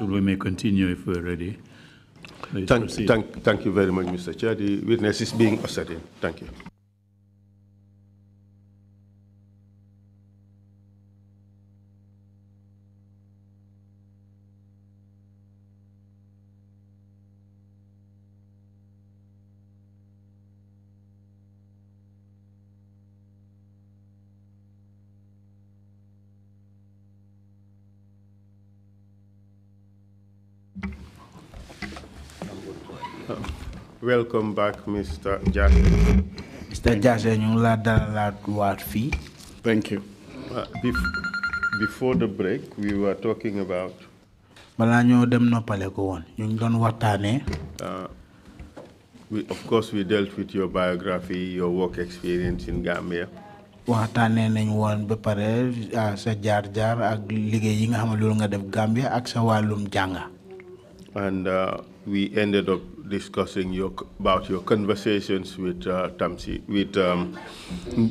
So we may continue if we're ready. Thank, thank, thank, you very much, Mr. Chair. The witness is being ascertained. Thank you. welcome back, Mr. Jase. Mr. Jase, you are dalal fi. Thank you. Uh, before the break, we were talking about bala ñoo dem noppale ko woon ñu uh, of course we dealt with your biography, your work experience in Gambia. Watane nañ woon ba pare sa jaar jaar ak liggéey yi nga xam ne nga def Gambia ak sa wàllum and uh, we ended up discussing your, about your conversations with uh, Tamsi, with um,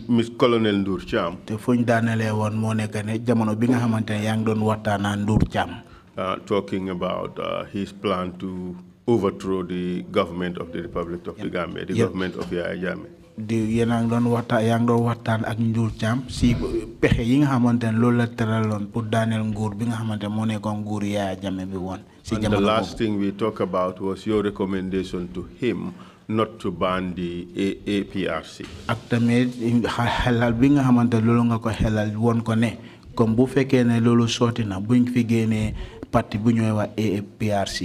Miss Colonel Ndour Cham. te fu ñu daanelee woon moo nekk ne jamono bi nga xamante ne uh, talking about uh, his plan to overthrow the government of the Republic of the Gambia, the government of Yaya Jammeh. di yéen a ngi doon waxtaan yaa ak Ndour Cham si pexe yi nga xamante ne loolu la tëraloon pour daaneel nguur bi nga xamante ne moo nguur Yaya Jammeh bi woon. And the last thing we talked about was your recommendation to him not to ban the A APRC. ak tamit xelal bi nga xamante loolu nga ko xelal woon ko ne comme bu fekkee ne loolu sotti na buñ fi génnee parti bu ñooy wax APRC.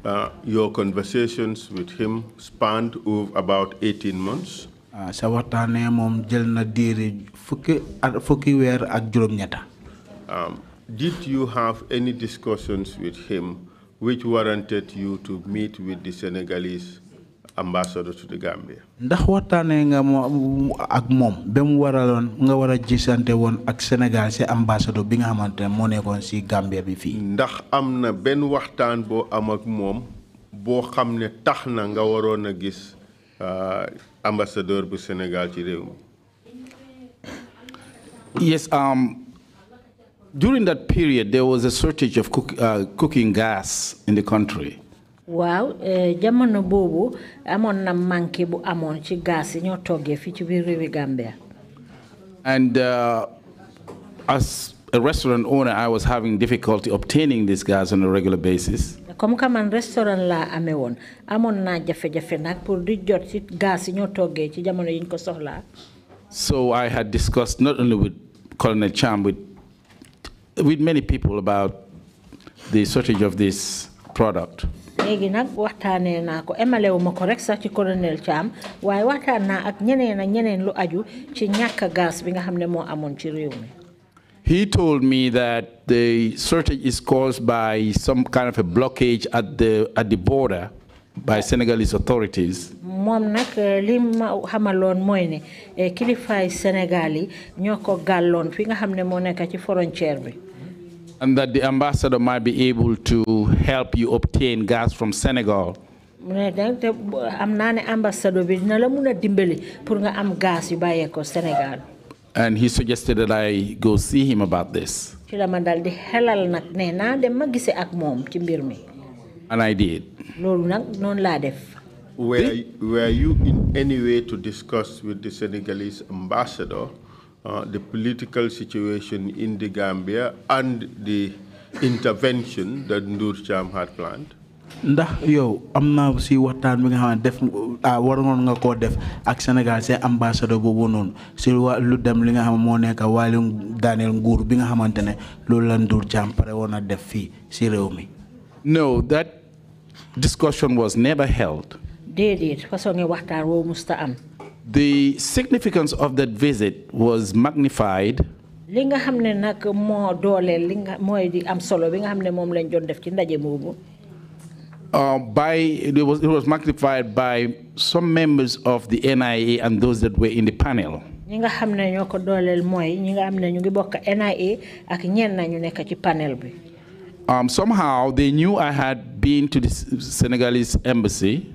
Uh, your conversations with him spanned over about 18 months. Uh, sa waxtaanee moom jël na diiri fukki at fukki weer ak juróom-ñetta. Um, did you have any discussions with him which warranted you to meet with the Senegalese ambassador to the Gambia? ndax waxtaanee nga moom ak moom ba mu waraloon nga wara a won woon ak Sénégal si ambassador bi nga xamante ne moo nekkoon Gambia bi fii. ndax am na benn waxtaan boo am ak moom boo xam ne na nga waroon a gis euh, ambassadeur bu Sénégal ci réew yes um. During that period, there was a shortage of cook, uh, cooking gas in the country. Wow, eh, jamano bobo, amoon na manqué bu amoon ci gaz yi ñoo toggee Gambia. and uh, as a restaurant owner I was having difficulty obtaining this gas on a regular basis. comme que restaurant la amewon, woon amoon naa jafe-jafe nag pour di jot ci gaz yi ñoo toggee ci jamono so I had discussed not only with Colonel Cham with with many people about the shortage of this product. nag naa ko ma ko rek sax ci colonel Thiam waaye waxtaan naa ak ñeneen ak ñeneen lu aju ci ñàkk gaz bi nga xam ne moo amoon ci réew mi. He told me that the shortage is caused by some kind of a blockage at the at the border by Senegalese authorities. moom nag eh, li ma xamaloon mooy ne eh, kilifaay Sénégal yi ñoo ko gàlloon fi nga xam ne moo nekk ci frontière bi. And that the ambassador might be able to help you obtain gas from Senegal. And he suggested that I go see him about this. And I did. Were, were you in any way to discuss with the Senegalese ambassador uh, the political situation in the Gambia and the intervention that Ndur Cham had planned? ndax yow am na si waxtaan bi nga xam ne def ah, waroon nga koo def ak Sénégal seen ambassadeur boobu noonu si lu dem li nga xam moo nekk wàllu daaneel nguur bi nga xamante ne loolu la Ndur Cham pare woon a def fii si réew mi. No, that discussion was never held. déedéet façon waxtaan woo musta am. The significance of that visit was magnified Uh, by it was, it was magnified by some members of the NIA and those that were in the panel. Um, somehow they knew I had been to the Senegalese embassy.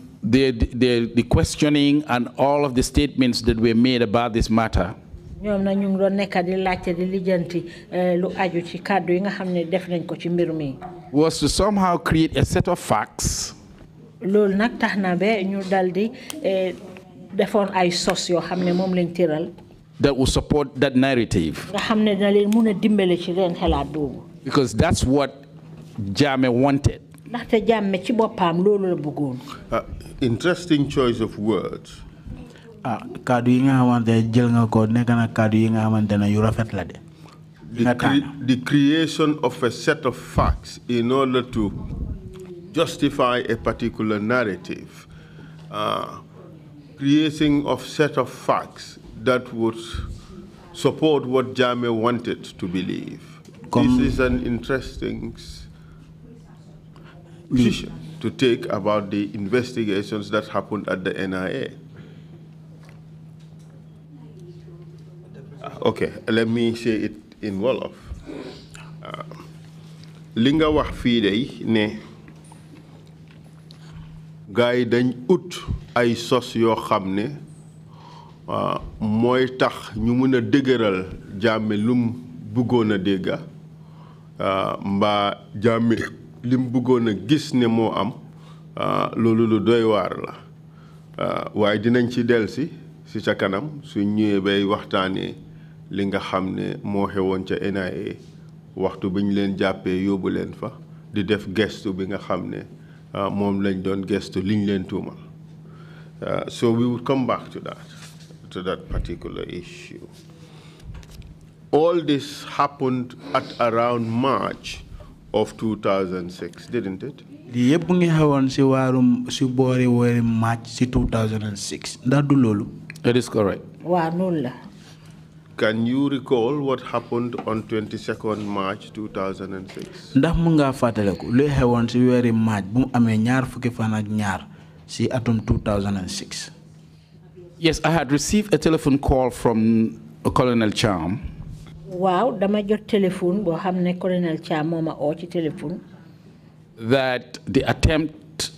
the, the, the questioning and all of the statements that were made about this matter. ñoom na ñu ngi doon di laajte di lijjanti eh, lu aju ci kàddu yi nga xam ne def nañ ko ci mbir mi. was to somehow create a set of facts. loolu nag tax na ba ñu eh, defoon ay sos yoo xam ne moom lañ that will support that narrative. nga xam ne leen mun a dimbale ci leen boobu. because that's what Jame wanted. ndaxte ci boppam loolu la bëggoon. Uh, interesting choice of words. Ah, the, cre the creation of a set of facts in order to justify a particular narrative, uh, creating of set of facts that would support what Jame wanted to believe. this is an interesting position to take about the investigations that happened at the NIA? Ah, okay, let me say it in Wolof. Ah, Linga nga wax fii day ne gars dañ ut ay sos yoo xam ne ah, mooy tax ñu mën a dëgëral lum dégga li mu bëggoon a gis ne moo am ah, loolu lu doy waar la ah, waaye dinañ ci delsi si ca kanam suñ ñëwee bay waxtaanee li nga xam ne moo xewoon ca NIA waxtu bi leen jàppee yóbbu leen fa di def gestu bi nga xam ne ah, moom lañ doon gestu liñ leen tuumal so we would come back to that to that particular issue all this happened at around March of 2006, didn't it? The yëpp ngi xewoon si waarum si boori match si 2006 ndax du loolu. that is correct. Wa noonu la. Can you recall what happened on 22nd March 2006? ndax mu ngaa fàttaliku luy xewoon si weeri March bu mu ñaar fukki fan ak ñaar si atom 2006. Yes, I had received a telephone call from Colonel charm Wow, dama jot téléphone boo xam ne colonel Cham moo ma oo ci téléphone. that the attempt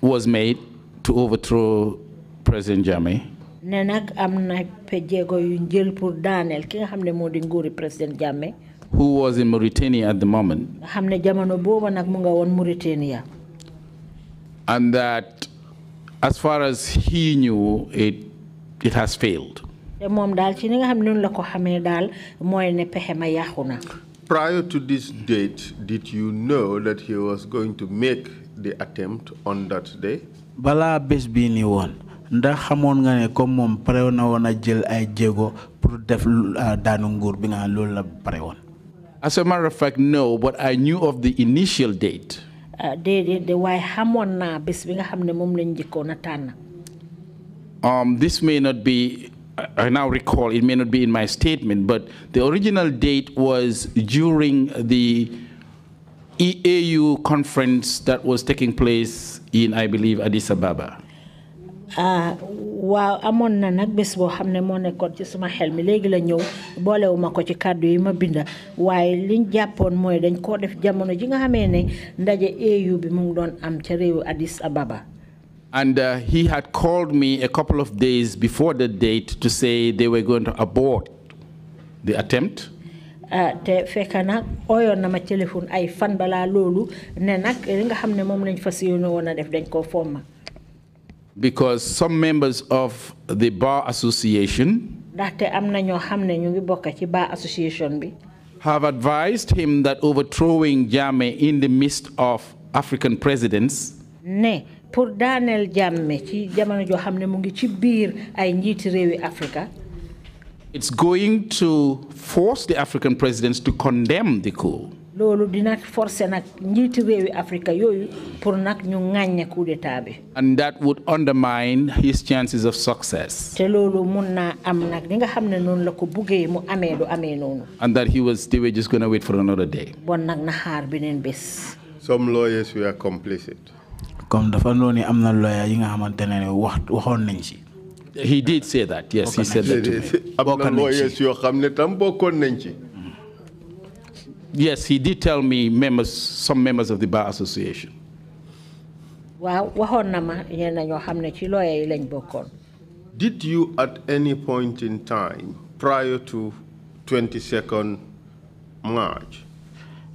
was made to overthrow President Jammeh. ne nag am na jéego yu njël pour daaneel ki nga xam ne moo président Jammeh. who was in Mauritania at the moment. nga xam ne jamono booba nag mu nga woon Mauritania. and that as far as he knew it it has failed te moom ci ni nga xam la ko xamee daal mooy ne pexe ma yàqu prior to this date did you know that he was going to make the attempt on that day. Bala bés bii nii woon ndax xamoon nga ne comme moom pare na woon a jël ay jéego pour def euh, daanu nguur bi nga loolu la pare woon. as a matter of fact no but I knew of the initial date. Ah, déedéet de waaye xamoon naa bés bi nga xam ne moom lañ njëkkoon a tànn. um this may not be. I now recall, it may not be in my statement, but the original date was during the EAU conference that was taking place in, I believe, Addis Ababa. Ah, waaw amoon na nag bés boo xam ne moo nekkoon ci suma xel mi léegi la ñëw boolewuma ko ci kàddu yi ma binda waaye liñ jàppoon mooy dañ koo def jamono ji nga xamee ne ndaje EU bi mu ngi doon am ca réewu Addis Ababa and uh, he had called me a couple of days before the date to say they were going to abort the attempt. Ah, te fekk nag na ma téléphone ay fan balaa loolu ne nag li nga xam ne moom lañ fas yéene woon a def dañ koo because some members of the bar association. ndaxte am na ñoo xam ne ñu ngi bokk ci bar association bi. have advised him that overthrowing Jammeh in the midst of African presidents. ne pour jàmme ci jamono mu ngi ci biir ay réewi It's going to force the African presidents to condemn the coup. loolu dina forcé nag njiiti réewi Africa. yooyu pour nag ñu ŋàññe coup d'état bi. and that would undermine his chances of success. te mun am li nga la ko mu du and that he was they were just gonna wait for another day. bon na xaar bés. some lawyers were complicit comme dafa ni yi nga wax nañ he did say that yes he said that to me. tam nañ ci. yes he did tell me members some members of the bar association. waaw waxoon na ma ñenn ñoo xam ci lawyer yi lañ Did you at any point in time prior to 22nd March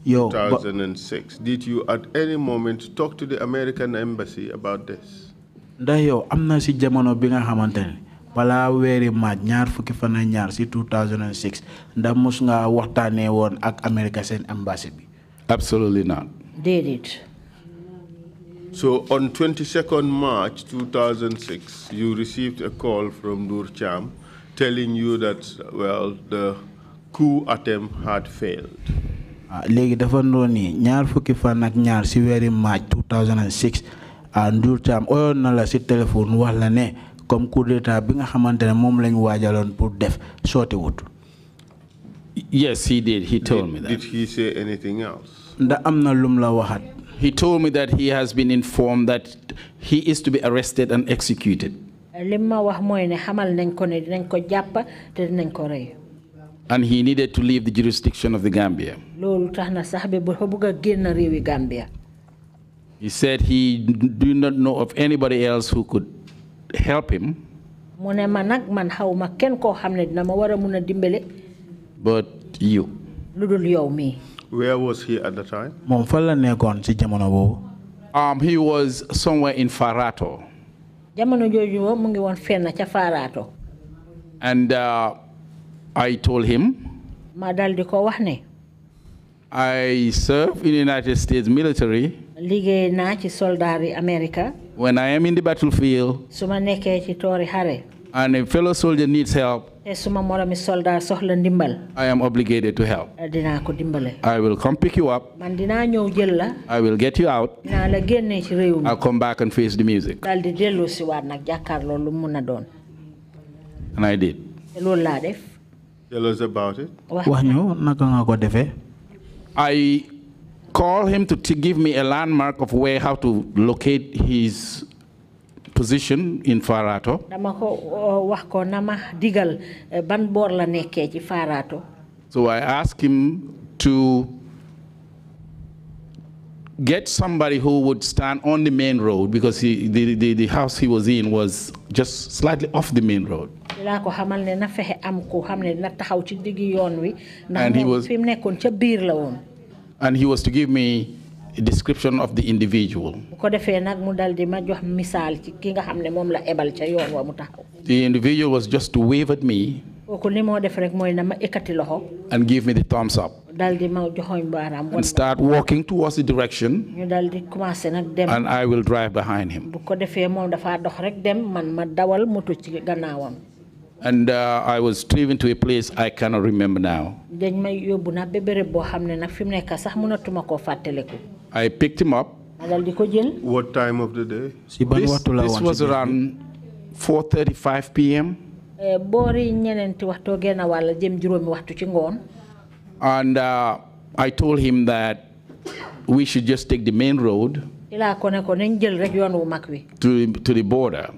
Yo, 2006 did you at any moment talk to the American embassy about this ndax yow am na si jamono bi nga xamante ne balaa weeri maaj ñaar fukki fan ak ñaar si 2006 ndax mos nga waxtaanee won ak America seen embassy bi absolutely not Did it? So on 22nd March 2006, you received a call from Nur Cham telling you that, well, the coup attempt had failed. Ah, léegi dafa doon ni ñaar fukki fan ak ñaar si weeri maaj 2006 ah, Ndour Thiam oyoon na la si téléphone wax la ne comme coup d'état bi nga xamante ne lañ waajaloon pour def sooti wut. Yes, he did. He told did, me that. Did he say anything else? Nda am na lum la waxat. He told me that he has been informed that he is to be arrested and executed. Lim ma wax moy ne xamal nañ ko ne dinañ ko japp te dinañ ko rey and he needed to leave the jurisdiction of the Gambia. He said he do not know of anybody else who could help him. But you. Where was he at the time? Um, he was somewhere in Farato. And uh, I told him ma daldi ko wax ne I serve in the United States military liggéey naa ci yi America when I am in the battlefield su ma nekkee ci toori xare and a fellow soldier needs help te suma soxla ndimbal I am obligated to help dinaa ko dimbale I will come pick you up man dinaa ñëw jël la I will get you out dinaa la ci réew mi I'll come back and face the music dellu si waat nag jàkkaarloo lu mun a doon and I did loolu laa def Tell us about it. wax ñu naka nga ko defee. I call him to give me a landmark of where how to locate his position in Farato. dama ko uh, wax ko na ma digal uh, ban boor la nekkee ci Farato. So I asked him to. get somebody who would stand on the main road because he, the, the, the house he was in was just slightly off the main road. And he was, and he was to give me a description of the individual. The individual was just to wave at me and give me the thumbs up and start walking towards the direction and I will drive behind him. And uh, I was driven to a place I cannot remember now. I picked him up. What time of the day? This, this was around 4.35 p.m. And I told him that we should just take the main road to, the border.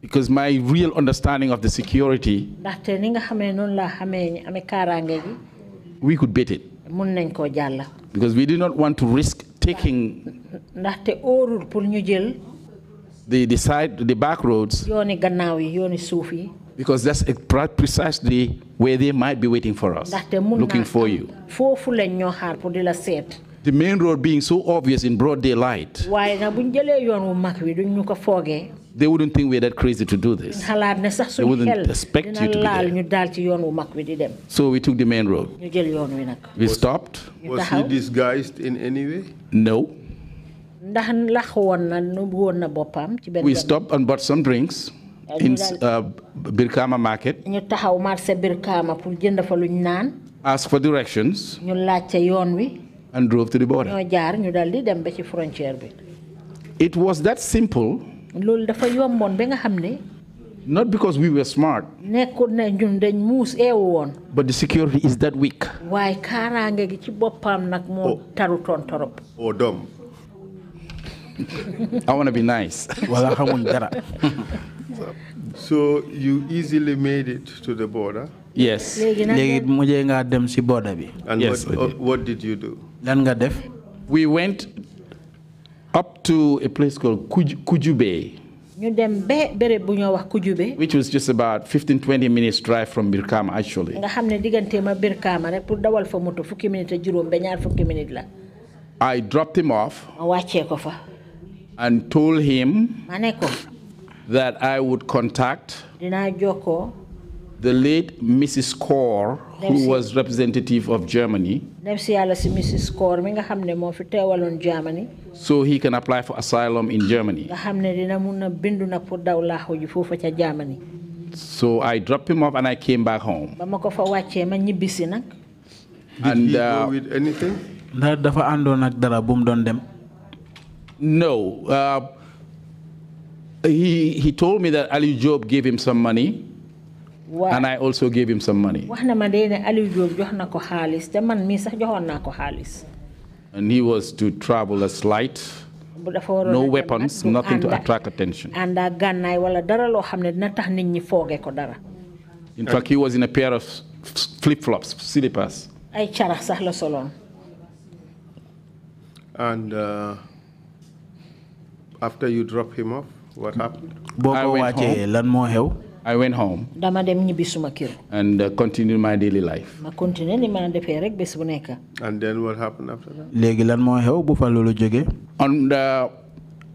Because my real understanding of the security, we could beat it. Because we did not want to risk taking the, the side, the back roads, because that's precisely where they might be waiting for us, looking for you. The main road being so obvious in broad daylight, they wouldn't think we're that crazy to do this. They would wouldn't expect you to be there. So we took the main road. We stopped? Was he disguised in any way? No. We stopped and bought some drinks in uh, Birkama market. Ask for directions. And drove to the border. It was that simple. Not because we were smart. But the security is that weak. I want to be nice. so you easily made it to the border? Yes. And yes, what, uh, what did you do? We went up to a place called Kujube. Which was just about 15 20 minutes drive from Birkama actually. I dropped him off and told him Maneko. that I would contact Dinajoko. the late Mrs. Kaur, who was representative of Germany, so he can apply for asylum in Germany. So I dropped him off and I came back home. Did and, he uh, go with anything? No. Uh, he, he told me that Ali Job gave him some money. Wow. And I also gave him some money. And he was to travel as light, no weapons, nothing to attract attention. In fact, he was in a pair of flip flops, slippers. And uh, after you drop him off what happened I went home. And uh, continued my daily life. And then what happened after that? Légui lan On the,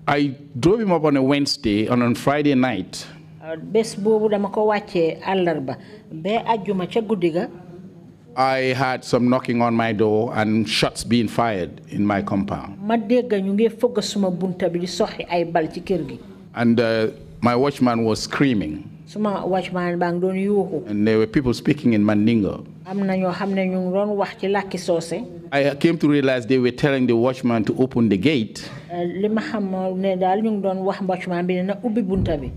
I drove him up on a Wednesday and on Friday night. àllarba I had some knocking on my door and shots being fired in my compound. And uh, my watchman was screaming. And there were people speaking in Mandingo. I came to realize they were telling the watchman to open the gate. Uh,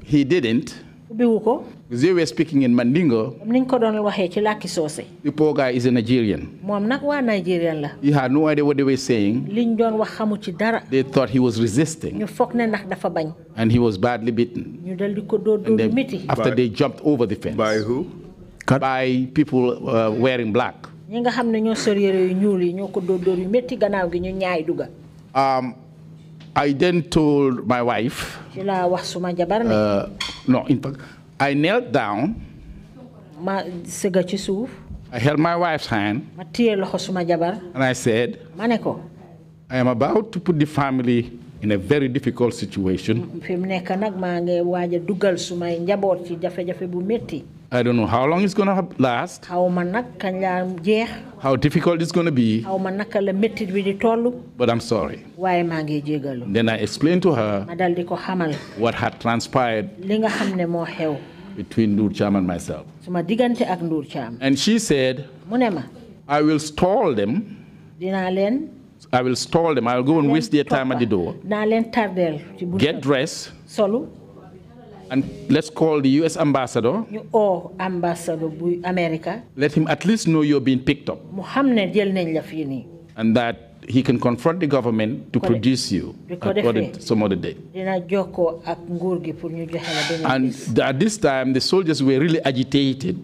he didn't. They were speaking in Mandingo. The poor guy is a Nigerian. He had no idea what they were saying. They thought he was resisting. And he was badly beaten. Then, after they jumped over the fence. By who? By people uh, wearing black. Um, I then told my wife. ci laa wax suma jabar ne. Uh, non I knelt down. ma sëgga ci suuf. I held my wife's hand. ma téye loxo suma jabar. and I said. ma ne ko. I am about to put the family in a very difficult situation. fi mu nekk nag maa ngi waaj duggal dugal sumay njaboot ci jafe-jafe bu métti. I don't know how long it's going to last. How difficult it's going to be. But I'm sorry. Then I explained to her what had transpired between Nur Cham and myself. And she said, I will stall them. I will stall them. I will go and waste their time at the door. Get dressed and let's call the US ambassador. Oh, ambassador of America. Let him at least know you're being picked up. And that he can confront the government to produce you some other day. And at this time, the soldiers were really agitated.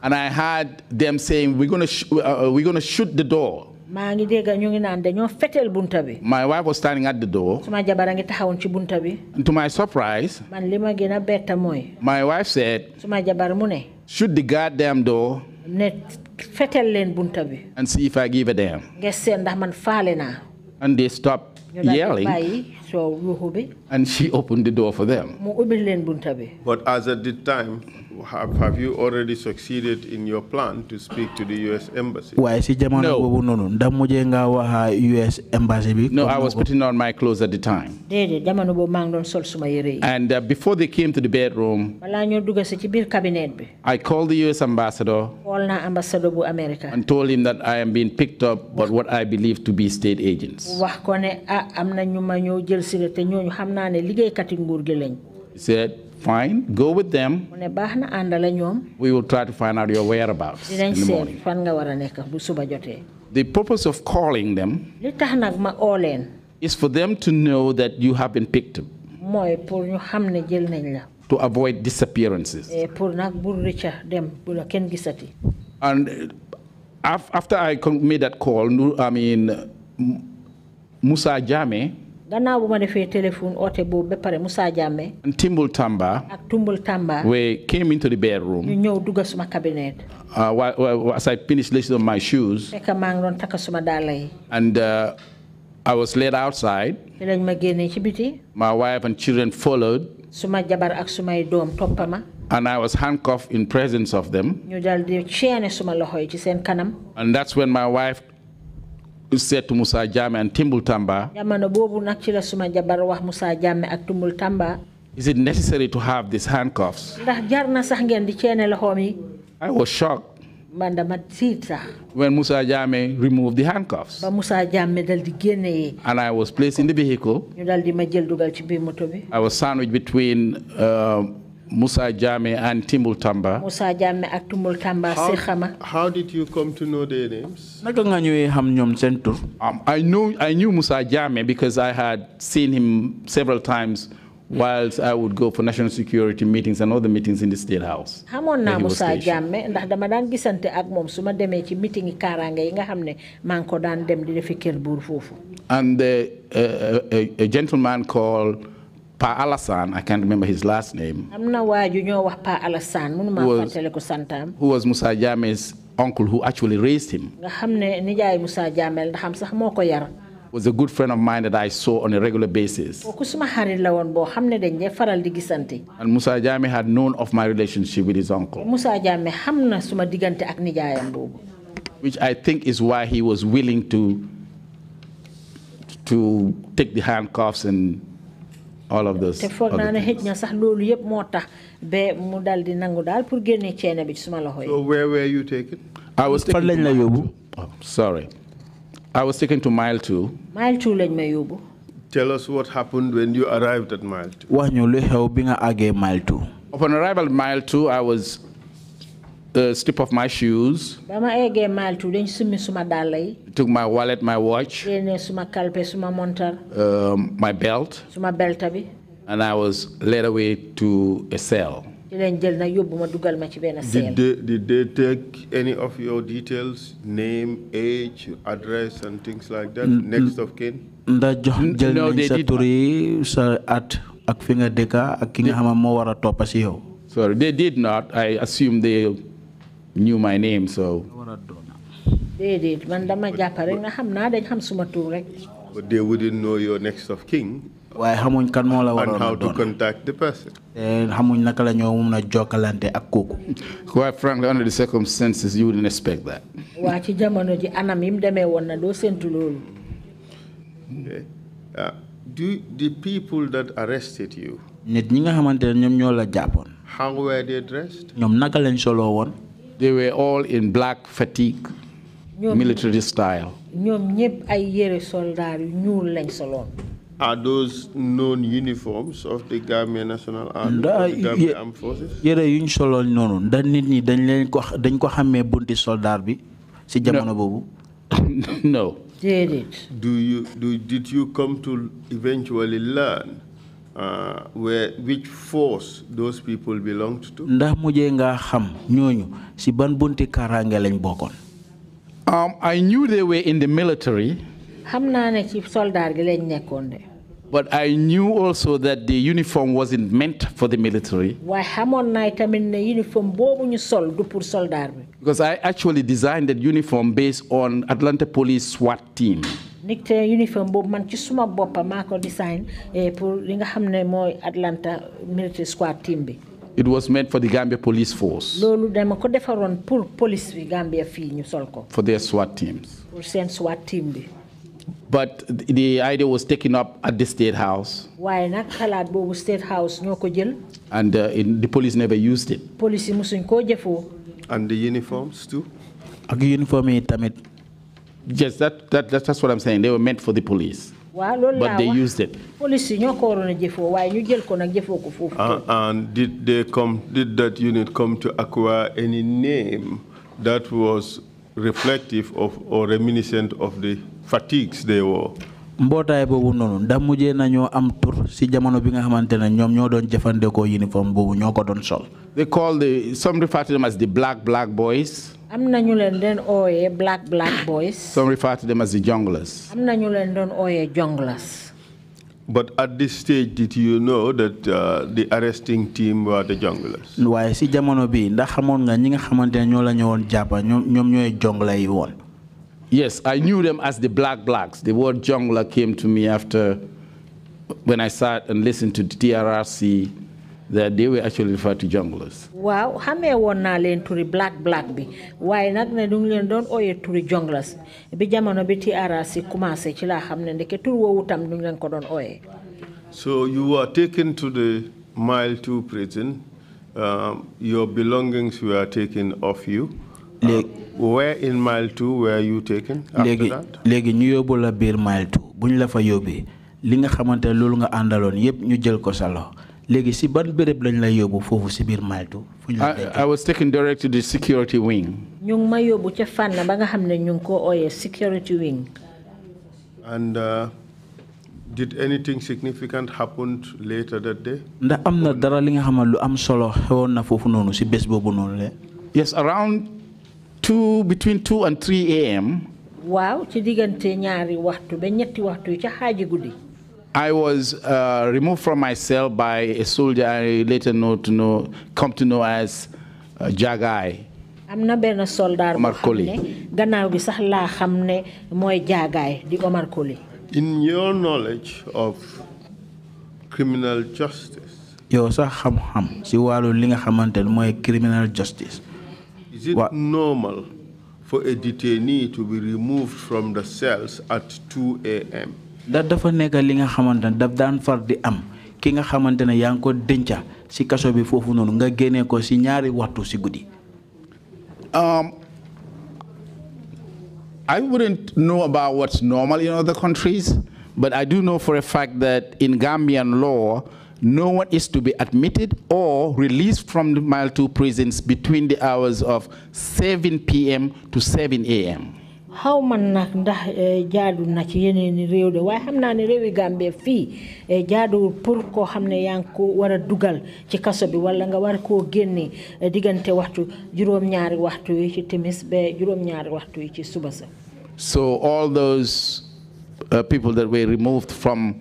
And I had them saying, we're going to, uh, uh, we're going to shoot the door. maa ngi dégg ñu ngi naan dañoo fetel bunta bi. my wife was standing at the door. suma jabar a ngi taxawoon ci bunta bi. and to my surprise. man li ma gën a bett mooy. my wife said. suma jabar mu ne. shoot the goddamn door. ne fetel leen bunta bi. and see if I give a damn. ndax man faale na and they stopped yelling. And she opened the door for them. But as at the time, have, have you already succeeded in your plan to speak to the U.S. Embassy? No. No, I was putting on my clothes at the time. And uh, before they came to the bedroom, I called the U.S. ambassador and told him that I am being picked up by what I believe to be state agents jël si xam naa ne nguur gi lañ. he said fine go with them. mu ne baax na ñoom. we will try to find out your whereabouts. in the morning dinañ seet fan nga war a nekk bu suba jotee. the purpose of calling them. li tax nag ma oo leen. is for them to know that you have been picked up. mooy pour ñu xam ne jël nañ la. to avoid disappearances. pour nag bu rëcca dem bu la kenn gisati. and after I made that call, I mean, Musa Jame gannaaw bu ma defee téléphone oote boobu ba pare Musa Jammeh. and Timbul Tamba. ak Timbul Tamba. we came into the bedroom. ñu ñëw dugg suma cabinet. Uh, while, while, as I finished lacing on my shoes. fekk maa ngi doon suma dàll and. Uh, I was led outside. My wife and children followed. Suma And I was handcuffed in presence of them. And that's when my wife Musa Jame and Timbul Tamba, is it necessary to have these handcuffs? I was shocked when Musa Jame removed the handcuffs. And I was placed in the vehicle. I was sandwiched between. Uh, Musa Jame and Timul Tamba. Musa Jame Tamba how, how did you come to know their names? nga um, I knew I knew Musa Jame because I had seen him several times whilst I would go for national security meetings and other meetings in the state house. Xamone na Musa Jammeh ndax dama daan gisante ak mom suma démé ci meeting karanga yi nga xamné ko dan dem di def bour fofu. And the, uh, a, a, gentleman called Pa Alasan, I can't remember his last name. Who was Musa Jame's uncle who actually raised him. Was a good friend of mine that I saw on a regular basis. And Musa Jame had known of my relationship with his uncle. Which I think is why he was willing to to take the handcuffs and all of those te naa ne na sax loolu yëpp moo tax ba mu daal di nangu daal pour génne ceene bi ci suma loxo yi. so where were you taken. I was taken lañ la yóbbu. Oh, sorry I was taken to mile two. mile two lañ ma yóbbu. tell us what happened when you arrived at mile two. wax ñu were xew bi nga àggee mile two. upon arrival at mile two I was the strip of my shoes. Took my wallet, my watch. Um, my belt. And I was led away to a cell. Did they, did they take any of your details, name, age, address, and things like that, next of kin? No, they did not. Sorry, they did not. I assume they knew my name so. They did. dama jàpp rek nga xam naa dañ xam suma tur rek. but they wouldn't know your next of kin. waaye xamuñ kan moo la waroon and how to contact the person. xamuñ naka la ñoo mun a jokkalante ak quite frankly under the circumstances you wouldn't expect that. waa ci jamono ji anam yi mu demee woon uh, do the people that arrested you. nit ñi nga la jàppoon. how were they dressed. ñoom naka lañ they were all in black fatigue, military style. Are those known uniforms of the Gambian National Army or the Gambia Armed Forces? Yere yuñ solo nonu da nit ñi dañ leen ko dañ ko xamé bunti soldat bi ci jamono bobu. No. Did it? Do you do did you come to eventually learn uh, where, which force those people belonged to? ndax nga xam ñooñu ban bunti lañ um, I knew they were in the military. xam naa ne ci gi lañ nekkoon de but I knew also that the uniform wasn't meant for the military. Because I actually designed that uniform based on Atlanta Police SWAT team. man design eh, Atlanta military squad team it was meant for the Gambia police force. police Gambia for their SWAT teams. For seen SWAT team but the idea was taken up at the state house. Why nag xalaat boobu state house ñoo jël. and uh, the police never used it. police yi musuñ koo and the uniforms too. ak uniform yi tamit. yes that that that's what I'm saying they were meant for the police. but they used it. police yi ñoo uh, and did they come did that unit come to acquire any name that was reflective of or reminiscent of the fatigues they wore am jamono bi nga ñoo doon uniform doon sol. they call the some refer to them as the black black boys. am black black boys. some refer to them as the junglers. am junglers. But at this stage, did you know that uh, the arresting team were the junglers? waaye si jamono bi ndax xamoon nga ñi nga xamante ne ñoo la ñëwoon jàppa ñoom ñooy jongla Yes, I knew them as the black blacks. The word jongler came to me after when I sat and listened to the TRRC that they were actually referred to junglers. waaw xamee woon naa leen the black black bi waaye nag ne du ngi leen doon ooyee turi junglers bi jamono bi TRRC commencé ci laa xam ne ndeke tur tam du ngi leen so you were taken to the Mile Two prison um, your belongings were taken off you. Uh, where in Mile Two were you taken. after that léegi ñu yóbbu la biir Mile Two bu ñu la fa yóbbee li nga xamante ne loolu nga léegi si ban béréb lañ lay yóbbu foofu si biir Maltu. fu ñu I was ma yóbbu ca fànn ba nga xam ne ñu ngi ko ooyee security wing. and uh, did anything significant happened later that ndax am na dara li nga xam ne lu am solo xewoon na foofu noonu si bés boobu noonu la. yes around two between two a.m. waaw ci diggante ñaari waxtu ba ñetti waxtu yi ca xaaji guddi. I was uh, removed from my cell by a soldier I later know to know, come to know as uh, Jagai. am na benn soldat boo xam ne gannaaw gi sax laa xam ne mooy jaagaay di Omar Colley. in your knowledge of criminal justice. yow sax xam-xam si wàllu li nga xamante ne mooy criminal justice. is it normal for a detainee to be removed from the cells at 2 a.m li nga daf daan far di am ki nga yaa ngi ko si kaso bi foofu noonu nga génnee ko si ñaari si guddi. Um, I wouldn't know about what's normal in other countries, but I do know for a fact that in Gambian law, no one is to be admitted or released from the Mile 2 prisons between the hours of 7 p.m. to 7 a.m man ndax eh, jaadu na ci réew de waaye xam naa ne réewi fii pour koo xam ne yaa ngi ko war a dugal ci kaso bi wala nga war koo génne eh, diggante waxtu juróom-ñaari waxtu yi ci timis ba juróom-ñaari waxtu yi ci suba sa. So all those uh, people that were removed from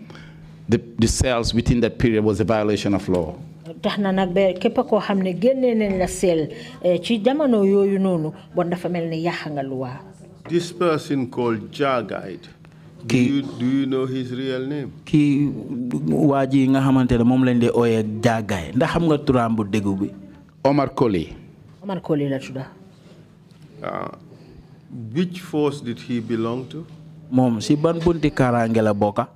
the, the cells within that period was a violation of law. tax na nag ba képp koo xam ne génnee nañ la eh, ci jamono yooyu noonu bon dafa mel ni yàq nga luwaa this person called Jagite, do you, do you know his real name? Ki waji ji nga xamante ne moom lañ di ooyee Jagite ndax xam nga turam bu déggu bi. Omar Colley. Omar Colley la tudda. Ah, which force did he belong to? moom si ban bunti kaaraange la boka.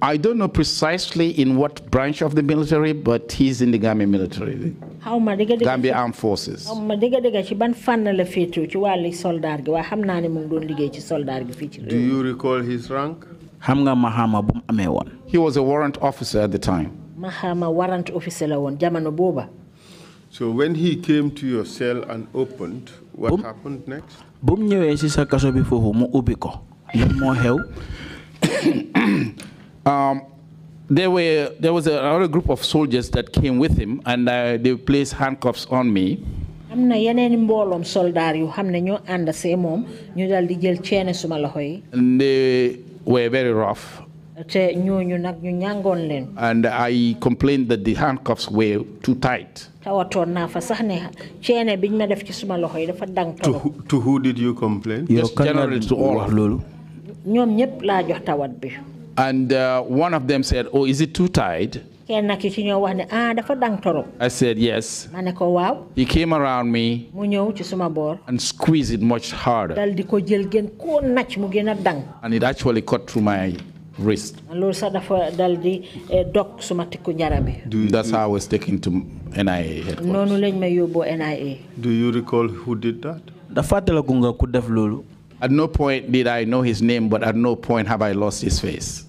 I don't know precisely in what branch of the military, but he's in the Gambia military. Gambia Armed Forces. Do you recall his rank? He was a warrant officer at the time. Mahama warrant officer la won jamano boba. So when he came to your cell and opened, what Bum, happened next? Bum ñewé ci sa kasso bi fofu mu ubi ko. Lan mo xew? Um, there were there was another group of soldiers that came with him, and uh, they placed handcuffs on me. am na yeneen mbooloom soldaar yu xam ne ñoo ànd see moom ñu daal di jël ceene suma loxo yi. and they were very rough. te ñooñu nag ñu ñàngoon leen. and I complained that the handcuffs were too tight. tawatoon naa fa sax ne bi ñu ma def ci suma loxo yi dafa dang. to who to who did you complain. yow kan la wax loolu. ñoom ñëpp laa jox tawat bi. And uh, one of them said, Oh, is it too tight? Ah, I said, Yes. He came around me and squeezed it much harder. And it actually cut through my wrist. Eh, That's how I was taken to NIA headquarters. Do you recall who did that? At no point did I know his name, but at no point have I lost his face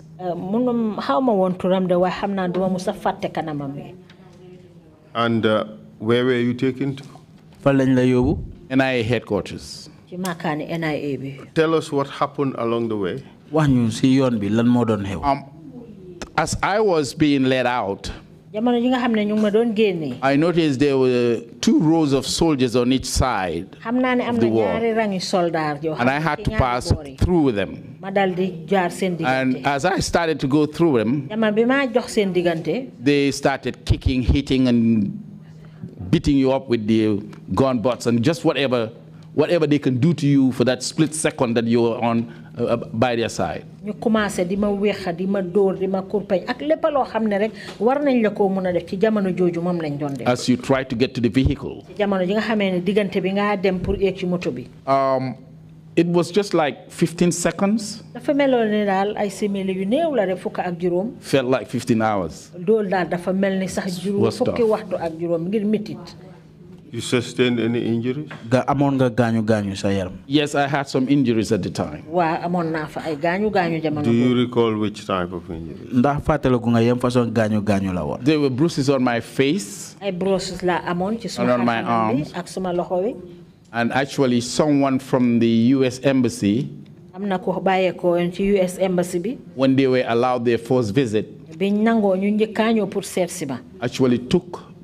turam duma musa fàtte kanamam and uh, where were you taken to. la NIA headquarters. ci NIA bi. tell us what happened along the way. wax ñu si yoon bi lan moo doon xew. Um, as I was being led out. I noticed there were two rows of soldiers on each side of the wall. And I had to pass through them. And as I started to go through them, they started kicking, hitting, and beating you up with the gun butts and just whatever whatever they can do to you for that split second that you're on uh, uh, by their side. ñu commencé di ma weex di ma dóor di ma kurpeñ ak lépp loo xam ne rek war nañ la koo mun a def ci jamono jooju moom lañ doon def. as you try to get to the vehicle. ci jamono ji nga xamee ne diggante bi nga dem pour yegg ci moto bi. Um, it was just like 15 seconds. dafa meloon ne daal ay simili yu néew la rek fukk ak juróom. felt like 15 hours. loolu daal dafa mel ni sax juróom fukki waxtu ak juróom ngir mitit. You sustained any injuries? Ga amon nga gañu gañu sa yaram. Yes, I had some injuries at the time. Wa amon na fa ay gañu gañu jamono. Do you recall which type of injuries? Ndax fatelu ko nga yam façon la won. There were bruises on my face. Ay bruises la amon ci suma on my arms. ak suma loxo wi. And actually someone from the US embassy am na ko bàyyeekoo ci US embassy bi. when they were allowed their first visit. biñ nangoo ñu njëkkaa ñëw pour actually took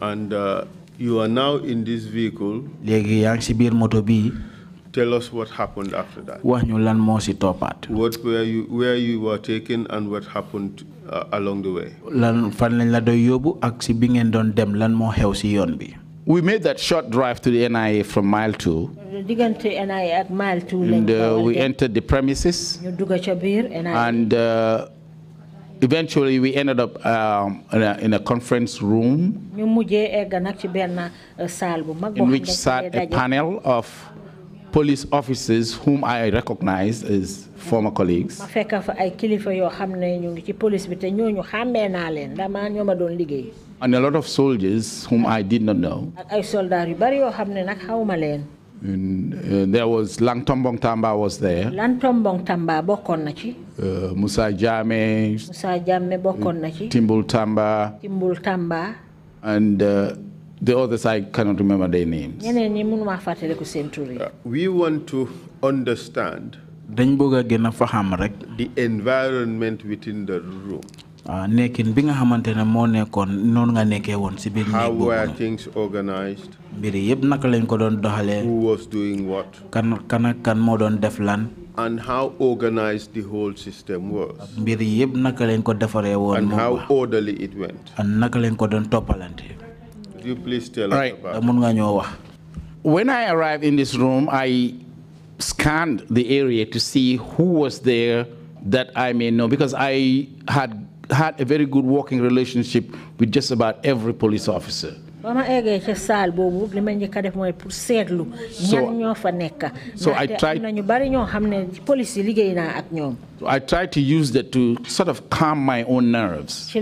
And uh, you are now in this vehicle. si tell us what happened after that. si what were you where you were taken and what happened uh, along the way. si bi. We made that short drive to the NIA from mile two. And uh, we entered the premises. And uh, eventually we ended up um, in, a, in, a, conference room uh, in which sat a panel of police officers whom I recognized as former colleagues. And a lot of soldiers whom I did not know. And, uh, there was Lang Tombong Tamba was there. Lang Tombong Tamba bokon na Uh, Musa Jame. Musa Jame bokon na Timbul Tamba. Timbul Tamba. And uh, the others I cannot remember their names. Uh, we want to understand. The environment within the room. Ah, nekkin bi nga xamante ne moo nekkoon nga nekkee woon si biir. how were things organised. mbir yëpp naka lañ ko doon doxalee. who was doing what. kan kan kan moo doon def lan. and how organized the whole system was. mbir yëpp naka lañ ko defaree woon. and how orderly it went. and naka lañ ko doon toppalante. you please tell us about. mun nga ñoo wax. when I arrived in this room I scanned the area to see who was there that I may know because I had had a very good working relationship with just about every police officer. So, so I tried so I tried to use that to sort of calm my own nerves.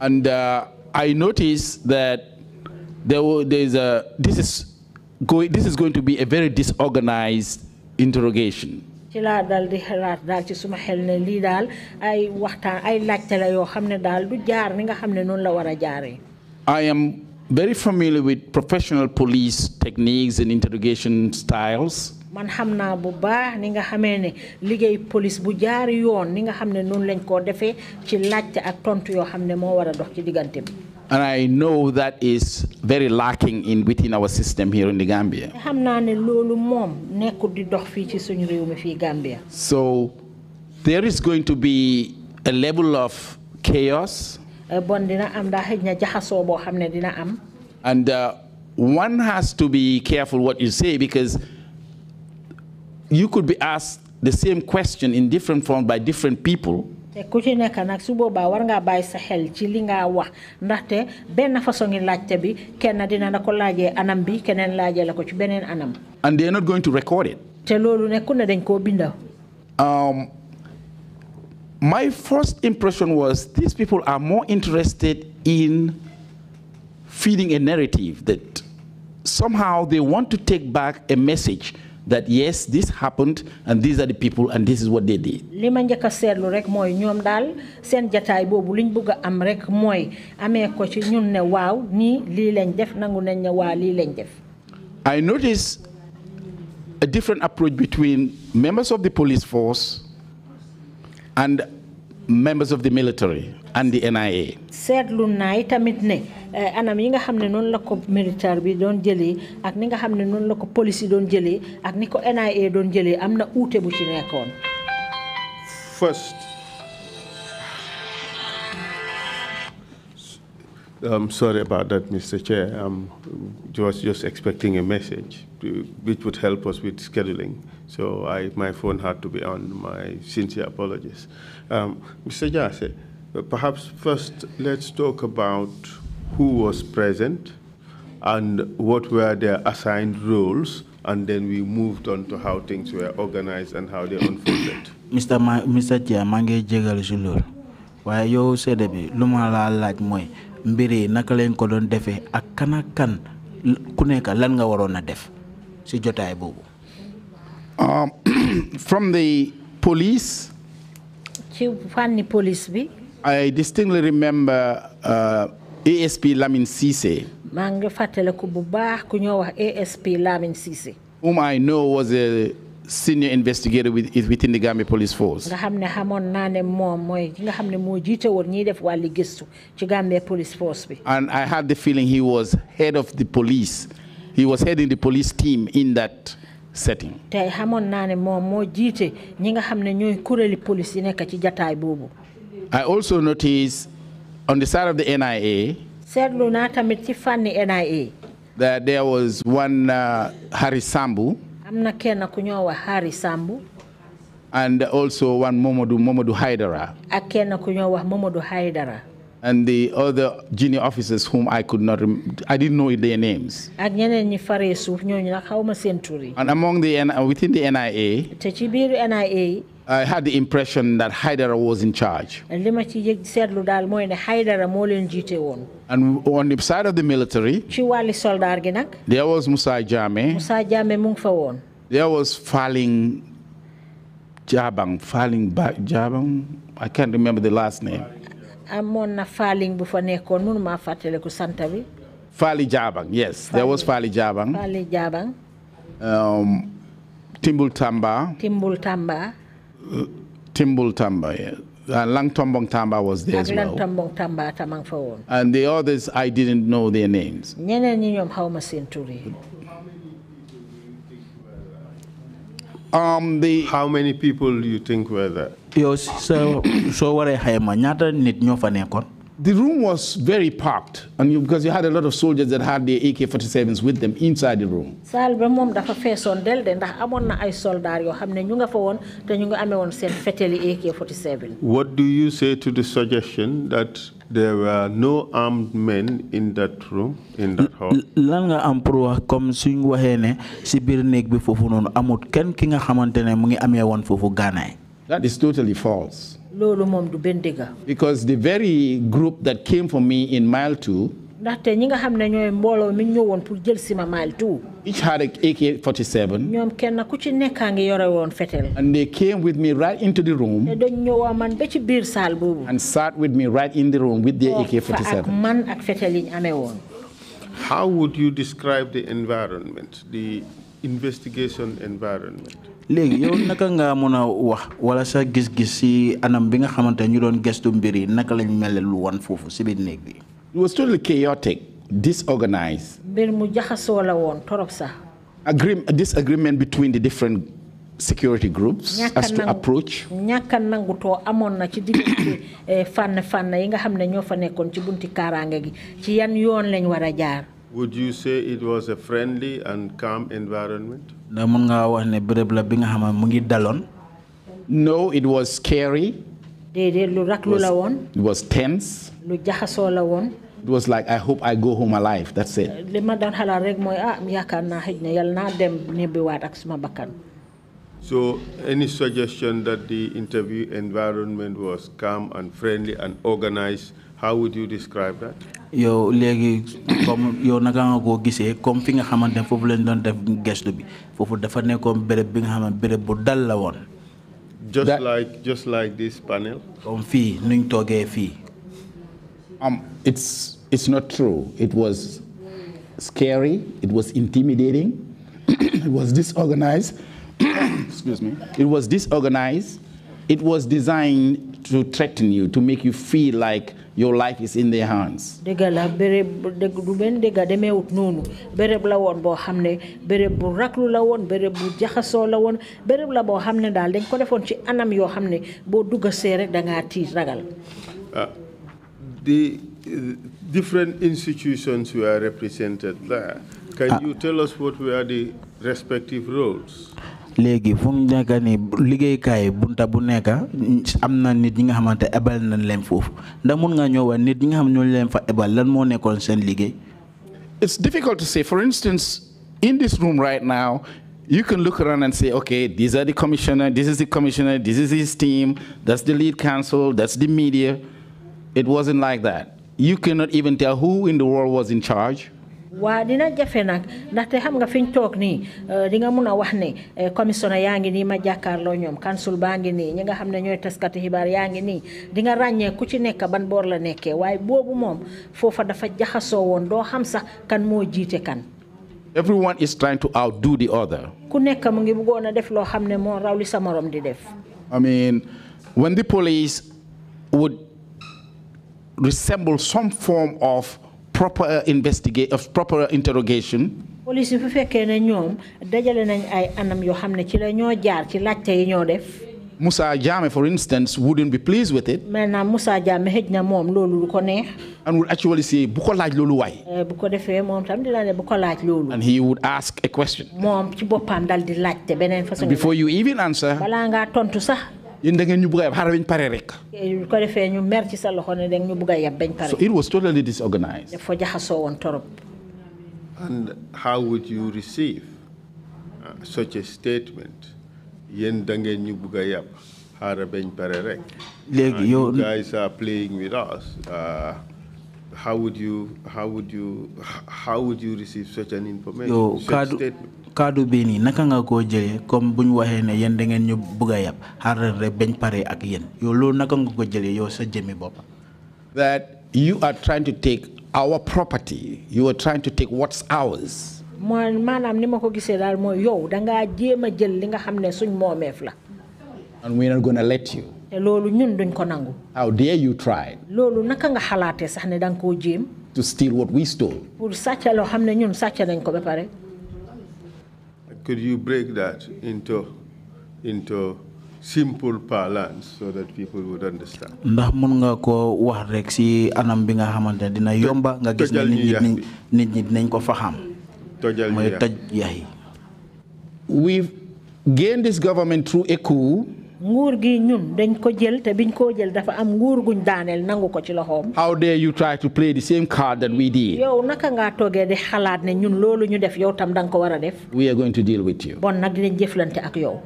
And uh, I noticed that there were, there's a this is going this is going to be a very disorganized interrogation. ci laa dal di xalaat daal ci suma xel ne lii daal ay waxtaan ay laajte la yoo xam ne daal du jaar ni nga xam ne noonu la war a jaaree. I am very familiar with professional police techniques and interrogation styles. man xam naa bu baax ni nga xamee ne liggéey police bu jaar yoon ni nga xam ne noonu lañ koo defee ci laajte ak tontu yoo xam ne moo war a dox ci diggante bi. And I know that is very lacking in within our system here in the Gambia. So there is going to be a level of chaos. Eh, and uh, one has to be careful what you say because you could be asked the same question in different form by different people war sa ci li nga wax ndaxte façon ngi laajte bi kenn dina ko anam bi la ko ci anam. and they are not going to record it. te dañ binda. Um, my first impression was these people are more interested in feeding a narrative that somehow they want to take back a message that yes this happened and these are the people and this is what they did rek ñoom seen liñ bëgg am rek ko ci ñun ne lañ def nangu nañ ne lañ def I notice a different approach between members of the police force and members of the military and the NIA. seetlu lunai tamit ne eh, anam yi nga xam ne noonu la ko militaire bi doon jëlee ak ni nga xam ne la ko police doon jëlee ak ni ko NIA doon jëlee am na uute bu ci nekkoon. first I'm um, sorry about that, Mr. Chair. Um, I was just expecting a message to, uh, which would help us with scheduling. So I, my phone had to be on. My sincere apologies. Um, Mr. Jase, uh, perhaps first let's talk about who was present and what were their assigned roles, and then we moved on to how things were organized and how they unfolded. Mr. Ma Mr. Chair, going to Julur. Why you said that? Luma la like mbir yi naka leen ko doon defee ak kan kan ku nekk lan nga waroon a def si jotaay boobu. Um, from the police. ci fànni police bi. I distinctly remember uh, ASP Lamine Cissé. maa fàttale ko bu baax ku ñoo wax ASP Lamine Cissé. senior investigator with, within the Gambia Police Force. And I had the feeling he was head of the police. He was heading the police team in that setting. I also noticed on the side of the NIA that there was one uh, Sambu. And also one Momodou Momodou Haidara. And the other junior officers whom I could not, I didn't know their names. And among the, within the NIA, I uh, had the impression that Haidara was in charge. Haidara And on the side of the military, ci wàlli soldaar there was Musa Jame. Musa Jame there was Faling Jabang, Faling ba Jabang, I can't remember the last name. amoon na Faling Fali Jabang, yes, there was Fali Jabang. Fali Jabang. Um, Timbul Tamba. Timbul Tamba. Timbul Tamba, yeah. Uh, Lang Tombong Tamba was there as well. Tamba tamang faon. And the others, I didn't know their names. Um, the How many people do you think were there? so, so what I have, nit nekon? the room was very packed, and you, because you had a lot of soldiers that had their AK-47s with them inside the room. AK-47. What do you say to the suggestion that there were no armed men in that room in that hall. amut That is totally false. Because the very group that came for me in mile two, each had an AK-47. And they came with me right into the room. And sat with me right in the room with their AK-47. How would you describe the environment, the investigation environment? léegi yow naka nga mën a wax wala sa gis-gis si anam bi nga xamante ñu doon gestu mbir yi naka lañ melal lu wan foofu si biir néeg bi. it was totally mbir mu jaxasoo la woon torop sax. agree disagreement between the different security groups. as to approach. ñàkk a nangutoo amoon na ci diggante eh, fànn fànn yi nga xam ne ñoo fa nekkoon ci bunti kaaraange gi ci yan yoon lañ war a jaar. would you say it was a friendly and calm environment. no it was scary. it was tense. it was like I hope I go home alive that's it. Ah, so any suggestion that the interview environment was calm and friendly and organized, how would you describe that? yow léegi comme yow naka nga koo gisee comme fi nga xamante ne lañ doon def gestu bi foofu dafa nekkoon béréb bi nga xam béréb bu dal la woon. just like just like this panel. comme fii nuñ toogee fii. um it's it's not true it was scary it was intimidating it was disorganized excuse me it was disorganized it was designed to threaten you to make you feel like your life is in their hands. the uh, different institutions we are represented there. Can uh, you tell us what were the respective roles? fu bunta bu am na nit ñi nga xamante ebal nañ leen foofu ndax mun nga ñëw nit ñi nga xam ñoo leen fa ebal lan moo nekkoon seen liggéey. It's difficult to say. For instance, in this room right now. you can look around and say, okay, these are the commissioner, this is the commissioner, this is his team, that's the lead counsel, that's the media. It wasn't like that. You cannot even tell who in the world was in charge. waa dina jafe nag ndaxte xam nga fi ñu toog nii euh, di nga mun a wax ne euh, commissionnaire yaa ngi nii ma jàkkaarloo ñoom kansul baa ngi nii ñi nga xam ne ñooy taskati xibaar yaa ngi nii di nga ràññee ku ci nekk ban boor la nekkee waaye boobu moom foofa dafa jaxasoo woon doo xam sax kan moo jiite kan. everyone is trying to outdo the other. ku nekk mu ngi bëggoon a def loo xam ne moo raw li sa moroom di def. I mean when the police would resemble some form proper uh, investigate of proper interrogation police fu fekkee ne ñoom dajale nañ ay anam yoo xam ne ci la ñoo jaar ci laajte yi ñoo def Musa Jame, for instance, wouldn't be pleased with it. Musa And would actually say, Bukolaj Loluwai. Eh, and he would ask a question. And before you even answer, yéen da ngeen ñu bëgg yab pare rek. ko ñu mer ci sa loxo ne ñu bëgg yab bañ pare. so it was totally disorganized. dafa torop. and how would you receive uh, such a statement yéen da ngeen ñu bëgg yab bañ pare rek. Uh, yow you guys are playing with us. Uh, how would you how would you how would you receive such an information naka nga ne yéen da ngeen ñu yab bañ pare ak yéen naka nga ko sa jëmi that you are trying to take our property you are trying to take what's ours. man ko yow da jël li nga suñ la. and we are not going to let you te ñun duñ ko nangu. how dare you try. loolu naka nga xalaatee sax ne da nga koo to steal what we stole. pour sàcca loo xam ñun sàcca nañ ko ba pare. could you break that into into simple parlance so that people would understand. ndax mun nga ko wax rek si anam bi nga xamante dina yomba nga gis ni nit ñi nit ñi dinañ ko fa tojal mooy we've gained this government through a coup nguur gi ñun dañ ko jël te biñ ko jël dafa am nguur guñ nangu ko ci how dare you try to play the same card that we did. yow naka di xalaat ne ñun loolu ñu def yow tam ko def. we are going to deal with you. bon dinañ jëflante ak yow.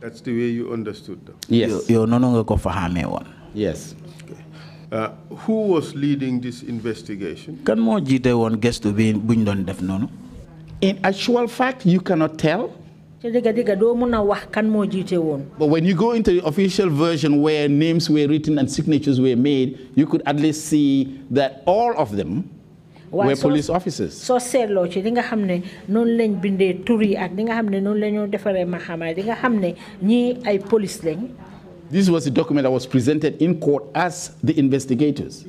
that's the way you understood them. yes yow noonu nga ko yes. Uh, who was leading this investigation? kan moo jiite woon gëstu bi buñ doon def noonu. in actual fact you cannot tell. But when you go into the official version where names were written and signatures were made, you could at least see that all of them were police officers. This was the document that was presented in court as the investigators.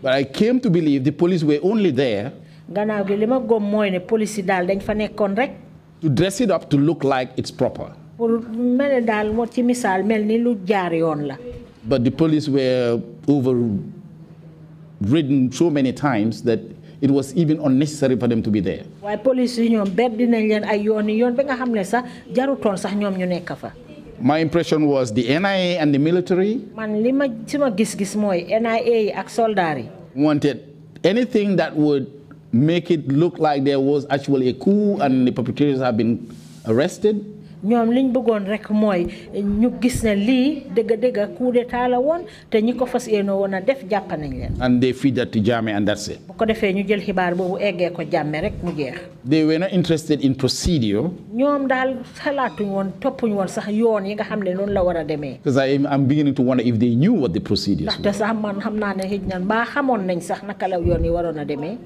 But I came to believe the police were only there gannaaw gi gom ne police dañ fa rek. to dress it up to look like it's proper. pour mel ci lu jaar la. but the police were ridden so many times that it was even unnecessary for them to be there. police ay yoon yoon ba nga sax sax ñu nekk fa. My impression was the NIA and the military. Man, lima, gis gis moy, NIA ak soldari. Wanted anything that would make it look like there was actually a coup and the perpetrators have been arrested ñoom liñ bëggoon rek mooy ñu gis ne lii dëgg-dëgg coup d'état la woon te ñi ko fas yéene woon a def jàpp nañ leen. and they feed that to jamme and that's it. bu ko defee ñu jël xibaar boobu eggee ko jamme rek mu jeex. they were not interested in procedure. ñoom daal xalaatuñ woon toppuñ woon sax yoon yi nga xam ne noonu la war a demee. because I am beginning to wonder if they knew what the procedure. were. ndaxte sax man xam naa ne xëj na mbaa xamoon nañ sax naka la yoon yi waroon a demee.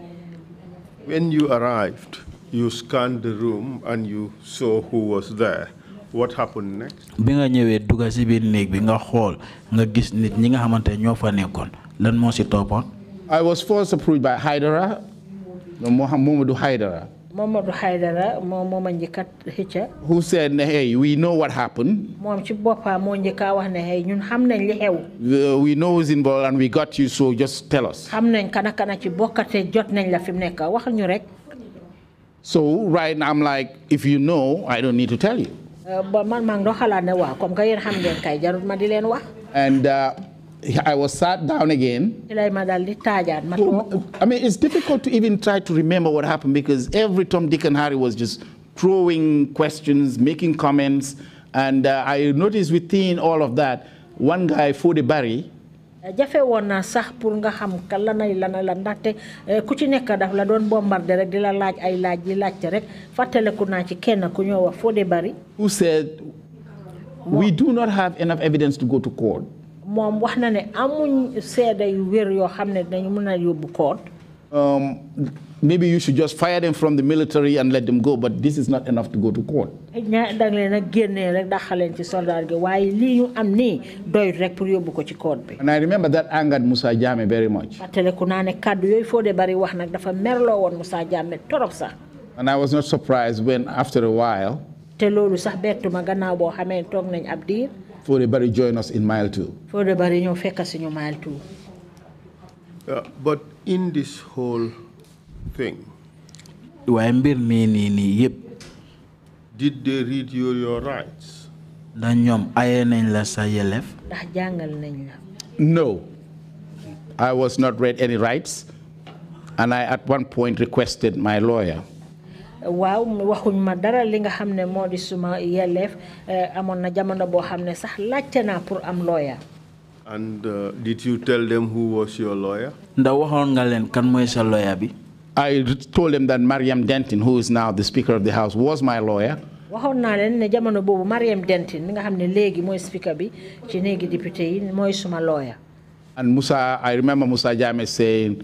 When you arrived, you scanned the room and you saw who was there. What happened next? bi nga dugga biir néeg bi nga xool nga gis nit ñi nga xamante fa lan I was first approached by Haidara, Mohamedou Haidara. moo Mamadou Haidara moom moom a njëkk a xëcca. who said ne hey we know what happened. moom ci boppa moo njëkk wax ne hey ñun xam nañ li xew. Uh, we know who's involved and we got you so just tell us. xam nañ kana kana ci bokkate jot nañ la fi mu nekk wax ñu rek. so right now I'm like if you know I don't need to tell you. Uh, comme que ma di leen wax. Uh, I was sat down again. I mean, it's difficult to even try to remember what happened because every Tom, Dick, and Harry was just throwing questions, making comments. And uh, I noticed within all of that, one guy, Fode Barry, eh, jafe sax pour nga xam ka lanay la eh, ku ci nekk daf la doon rek di la laaj ay laaj laajte rek naa ci kenn ku ñoo wax Barry. who said we do not have enough evidence to go to court moom wax na ne amuñ seede yu wér yoo xam dañu mën yóbbu koot. Um, maybe you should just fire them from the military and let them go but this is not enough to go to court. ña da nga leen rek daxal ci soldat gi waaye lii ñu am nii doyut rek pour yóbbu ko ci court bi. and I remember that angered Musa Jammeh very much. fàttaliku naa ne kàddu yooyu foo de bari wax nag dafa merloo woon Musa Jammeh torop sax. and I was not surprised when after a while. te loolu sax bettuma gannaaw boo xamee toog nañ ab the Barry join us in mile two. the Barry ñoo fekk your mile two. but in this whole thing. waaye mbir mi nii nii yëpp. did they read you your rights. da ñoom aye nañ la sa yelef. ndax jàngal nañ la. no I was not read any rights and I at one point requested my lawyer waaw waxuñ ma dara li nga xam ne moo di suma yelleef eh, amoon na jamono boo xam ne sax laajte naa pour am and uh, did you tell them who was your lawyer. ndax waxoon nga leen kan mooy sa lawyer bi. I told them that Mariam Denton, who is now the Speaker of the House, was my lawyer. waxoon naa leen ne jamono boobu Mariam Denton nga xam ne léegi mooy speaker bi ci néegi député yi mooy suma lawyer. and Musa I remember Musa Jammeh saying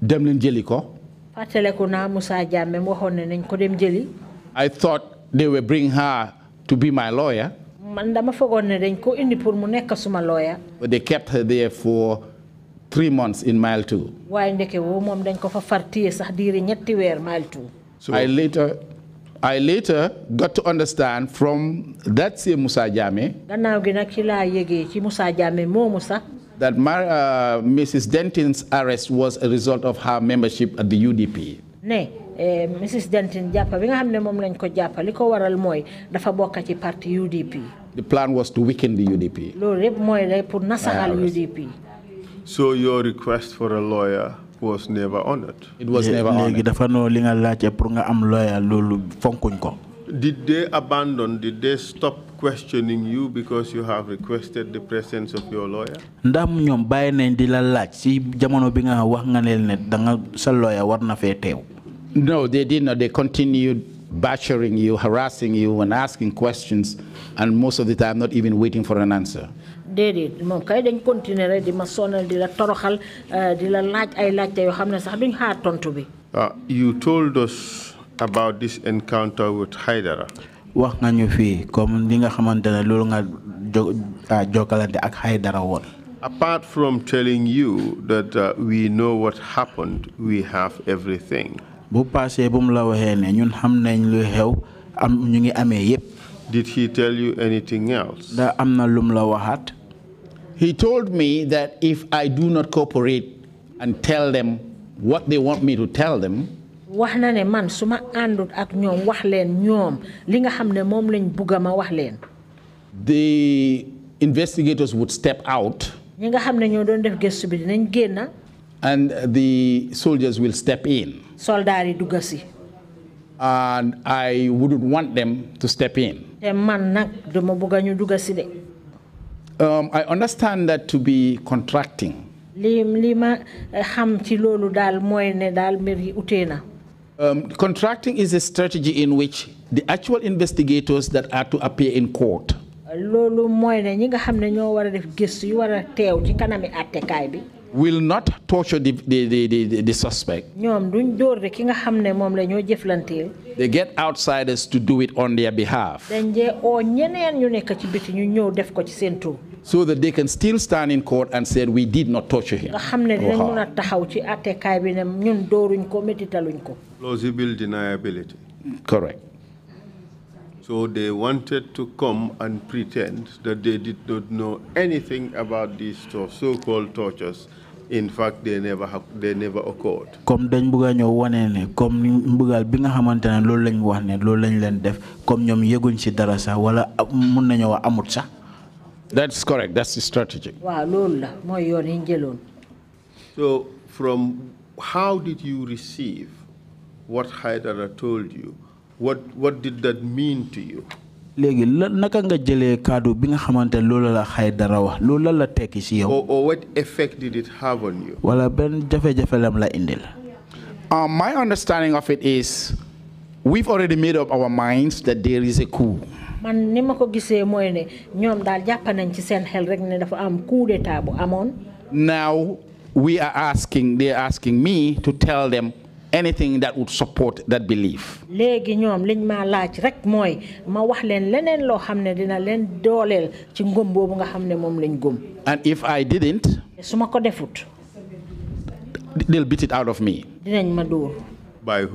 dem leen jëli ko. fàttaleku naa Moussa Jammeh waxoon ne nañ ko dem jëli. I thought they were bring her to be my lawyer. man dama foogoon ne dañ ko indi pour mu nekk suma lawyer. but they kept her three months in Mile Two. waaye ndeke woo moom dañ ko fa far téye sax diiri ñetti weer Mile Two. so I later I later got to understand from that same Moussa Jammeh. gannaaw gi nag ci laa yëgee ci Moussa Jammeh moomu sax. that Mar uh, Mrs. Denton's arrest was a result of her membership at the UDP. ne eh, Mrs. Denton Japa, we nga xam ne moom Japa, liko waral mooy dafa bokk party UDP. the plan was to weaken the UDP. loolu yëpp mooy lay pour ah, UDP. so your request for a lawyer was never honored. it was never honored léegi dafa noo li am lawyer loolu fonkuñ ko. did they abandon did they stop questioning you because you have requested the presence of your lawyer? ndax ñoom bàyyi nañ di la laaj si jamono bi nga wax nga ne ne da nga sa lawyer war na fee teew. No, they did not. They continued bashing you, harassing you, and asking questions, and most of the time not even waiting for an answer. déedéet moom kay dañ continuer rek di ma sonal di la toroxal euh, di la laaj ay laajte yoo xam sax duñ xaar tontu bi. Ah, you told us about this encounter with Haidara wax comme li nga nga ah, ak apart from telling you that uh, we know what happened, we have everything. bu passé la ne ñun xam nañ lu xew am ñu ngi yépp. Did he tell you anything else? da am na lum la He told me that if I do not cooperate and tell them what they want me to tell them. wax na ne man su ma àndut ak ñoom wax leen ñoom li nga xam ne moom lañ bugg a ma wax leen. the investigators would step out. ñi nga xam ne ñoo doon def gestu bi dinañ génn. and the soldiers will step in. soldaar yi dugg si. and I wouldn't want them to man nag dama bugg a ñu dugg si de. Um, I understand that to be contracting. li ma eh, xam ci loolu daal mooy ne daal mbir yi utee na. Um, contracting is a strategy in which the actual investigators that are to appear in court will not torture the, the, the, the, suspect. They get outsiders to do it on their behalf so that they can still stand in court and say we did not torture him. plausible deniability. correct. So they wanted to come and pretend that they did not know anything about these so-called tortures. In fact, they never have, they never occurred. Comme dañ bëgg ñoo wone ne comme mbëggal bi nga xamantene loolu lañ wax ne loolu lañ leen def comme ñoom yëguñ ci dara sax wala mën nañu wax amut sax. That's correct. That's the strategy. so from how did you receive what Haidara told you what what did that mean to you. Legi lan naka nga jëlee kàddu bi nga xamante loolu la Haidara wax loolu la tekki si yow. or or what effect did it have on you. wala benn jafe-jafe lam la indil. Uh, my understanding of it is we've already made up our minds that there is a coup. man ni ma ko gisee mooy ne ñoom daal jàpp nañ ci seen xel rek ne dafa am coup d'état bu amoon. now we are asking they are asking me to tell them. anything that would support that belief. léegi ñoom liñ ma laaj rek mooy ma wax leen leneen loo xam ne dina leen dooleel ci ngum boobu nga xam ne moom lañ gëm. and if I didn't. su ma ko defut. they'll beat it out of me. dinañ ma dóor. by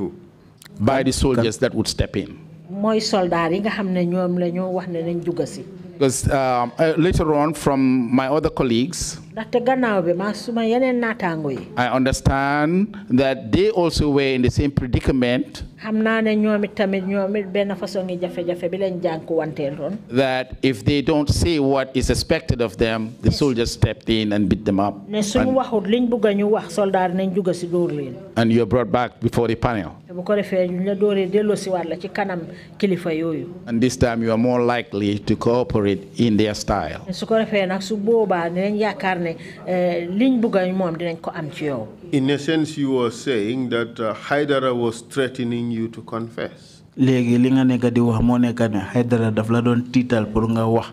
by the soldiers that would step in. yi nga wax ne nañ because um, uh, later on from my other colleagues, I understand that they also were in the same predicament. xam naa ne ñoom it tamit ñoom it benn façon ngi jafe-jafe bi lañ jànkuwanteeloon. that if they don't say what is expected of them the soldiers stepped in and beat them waxut liñ bëgg a ñu wax soldaar nañ juga si dóor leen. and you are brought back before the panel. bu ko defee ñu la dóoree delloosiwaat la ci kanam kilifa yooyu. and this time you are more likely to cooperate in their style. su ko defee nag su boobaa dinañ yaakaar ne eh, liñ bëgg a moom dinañ ko am ci yow. In essence, you were saying that uh, Haidara was threatening you to confess. Legi li nga nekk di wax moo nekk ne Haidara daf tital doon tiital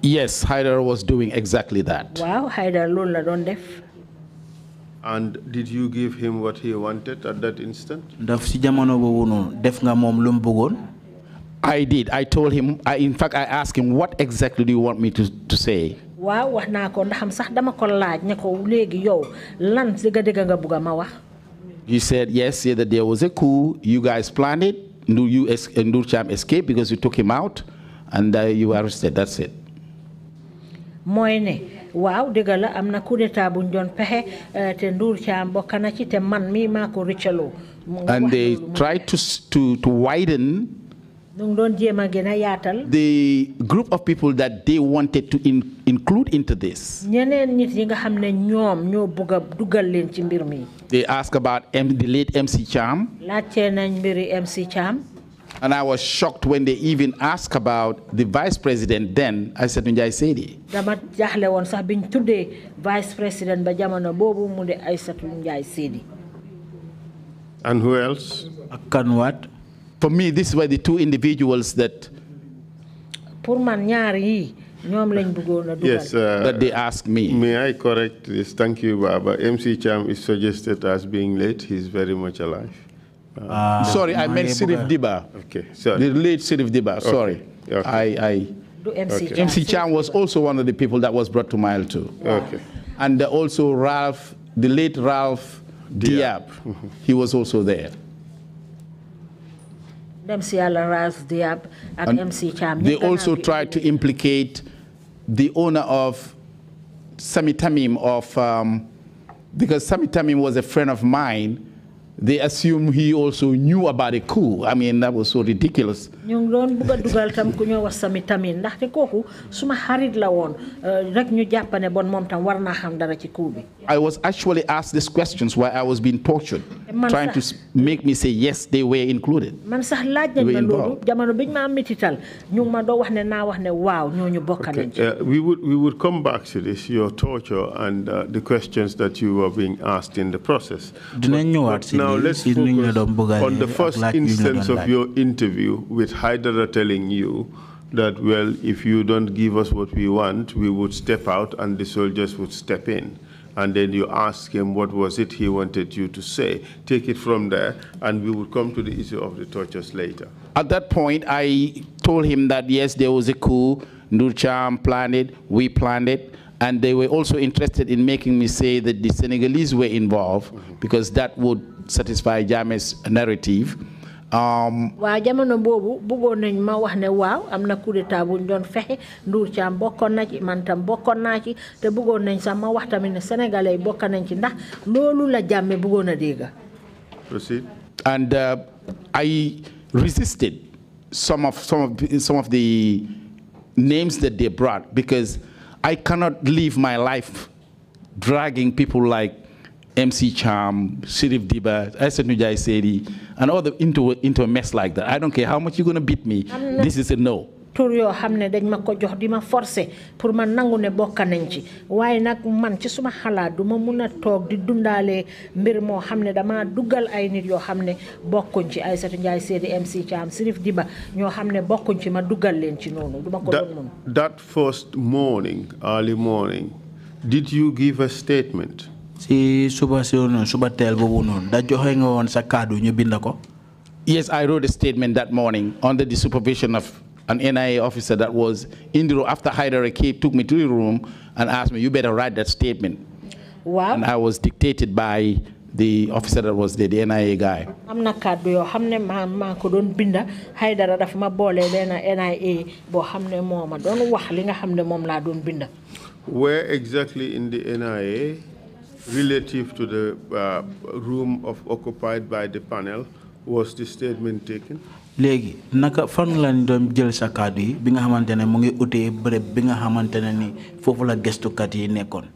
Yes, Haidara was doing exactly that. Wow, Haidara loolu la doon def. And did you give him what he wanted at that instant? daf si jamono boobu noonu def nga moom lu I did. I told him. I, in fact, I asked him, "What exactly do you want me to to say?" waaw wax naa ko ndaxam sax dama ko laaj ne ko léegi yow lan dëgg dëgg nga bugg a ma wax. you said yes yeah, that there was a coup you guys planned it Ndur you es eh, Ndur Cham escaped because you took him out and uh, you were arrested that's it. mooy ne waaw dëgg la am na coup d'état bu ñu doon pexe eh, te Ndur Cham bokk na ci te man mii maa ko rëccaloo. and they tried to to to widen the group of people that they wanted to in, include into this they asked about M, the late MC Cham and I was shocked when they even asked about the vice president then I said Njai Sedi vice president and who else ak wat for me these were the two individuals that pour man yi yes uh, that they asked me may i correct this thank you baba mc cham is suggested as being late he's very much alive uh, uh, sorry i meant Sirif Diba okay sorry the late Sirif Diba sorry okay. i i MC, okay. Chan. was also one of the people that was brought to Mile too. Wow. Okay. And also Ralph, the late Ralph Diab, Diab. he was also there. MC Alaraz Diab and, and MC Cham. They also tried to implicate the owner of Sami Tamim of, um, because Sami Tamim was a friend of mine, they assume he also knew about a coup. I mean, that was so ridiculous. dugal tam suma la eh, rek ne bon tam dara I was actually asked these questions while I was being tortured. Eh, trying to make me say yes they were included. man ma ma uh, we would we would come back to this your torture and uh, the questions that you were being asked in the process now let's focus on the first instance of your interview with Hydra telling you that, well, if you don't give us what we want, we would step out and the soldiers would step in. And then you ask him what was it he wanted you to say. Take it from there, and we will come to the issue of the tortures later. At that point, I told him that, yes, there was a coup. Nurcham planned it, we planned it, and they were also interested in making me say that the Senegalese were involved mm -hmm. because that would satisfy Jame's narrative. Um, waaw jamono nañ ma wax ne waaw am na coup d'état doon fexe Nduur bokkoon na ci man tam bokkoon naa ci te nañ sax ma wax tamit ne sénégalais yi bokk nañ ci ndax loolu la bëggoon a and uh, I resisted some of some of some of the names that they brought because I cannot live my life dragging people like MC Cham, Shirif Diba, Aisatu Jai Seri, and all the into into a mess like that. I don't care how much you're gonna beat me. This is a no. tur yoo xam ne dañ ma ko jox di ma forcer pour ma nangu ne bokka nañ ci waaye nag man ci suma xalaat du ma mun a toog di dundaale mbir moo xam ne dama duggal ay nit yoo xam ne bokkuñ ci Aïssatou Ndiaye Seydi MC Thiam Sirif Diba ñoo xam ne bokkuñ ci ma duggal leen ci noonu du ma ko doon mun that first morning early morning did you give a statement si suba si noonu suba teel boobu noonu da joxe nga woon sa kàddu ñu bind ko. Yes, I wrote a statement that morning under the supervision of an NIA officer that was in the room after Hyder Rakib took me to the room and asked me, you better write that statement. Wow. And I was dictated by the officer that was there, the NIA guy. I'm not card yo hamne ma ma don't binda haydara daf ma bolé ben NIA bo hamne moma don wax li nga hamne mom Don't binda. Where exactly in the NIA relative to the uh, room of occupied by the panel was the statement taken? Legi, naka fan la ñu doon jël sa kàddu yi bi nga xamante ne ngi utee bërëb bi nga xamante ni foofu la gëstukat yi nekkoon.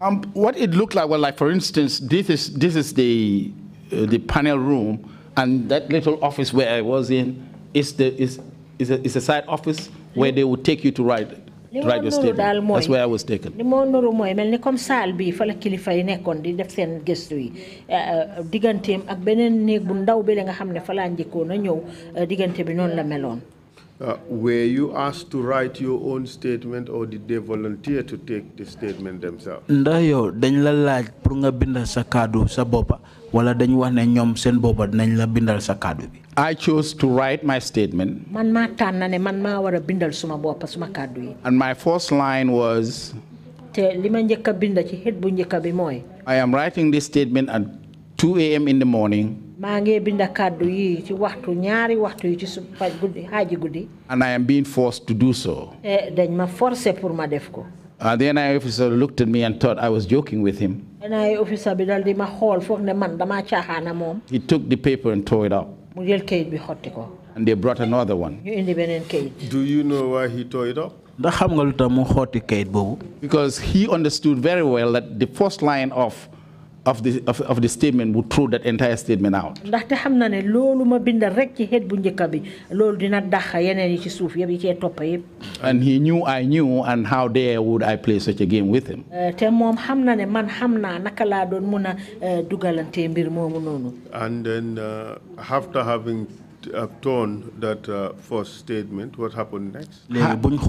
Um, what it looked like, well, like for instance, this is this is the uh, the panel room, and that little office where I was in is the is is a, is a side office where they would take you to write radio station that's where li moo nuru mooy mel ni comme saal bi fa la kilifa yi nekkoon di def seen gëstu yi eh, eh, digganteem ak beneen néeg bu ndaw bi la nga xam ne fa laa njëkkoon a ñëw eh, diggante bi noonu la meloon. Uh, were you asked to write your own statement or did they volunteer to take the statement themselves? ndax yow dañ la laaj pour nga bindal sa kàddu sa boppa wala dañ wax ne ñoom seen boppa dinañ la bindal sa kàddu bi. I chose to write my statement. man maa na ne man ma war a bindal suma boppa suma kàddu yi. and my first line was. te li ma njëkk a bind ci xët bu njëkk bi mooy. I am writing this statement at 2 a.m. in the morning yi ci waxtu ñaari waxtu yi ci su and I am being forced to do so. Eh, dañ ma forcer pour ma def ko. Uh, the NIA officer looked at me and thought I was joking with him. NIA officer bi dal di ma xool foog ne man dama caaxaana mom. He took the paper and tore it up. mu jël kayit bi xotti ko. and they brought another one. ñu indi beneen kayit. Do you know why he tore it up? ndax xam nga mu xotti kayit boobu. Because he understood very well that the first line of of the of, of the statement would throw that entire statement out. ne ma bind rek ci bu bi dina yeneen yi ci suuf yi and he knew I knew and how dare would I play such a game with him. Eh, te ne man naka doon eh, dugalante mbir and then uh, after having upturn that uh, first statement, what happened next? I believe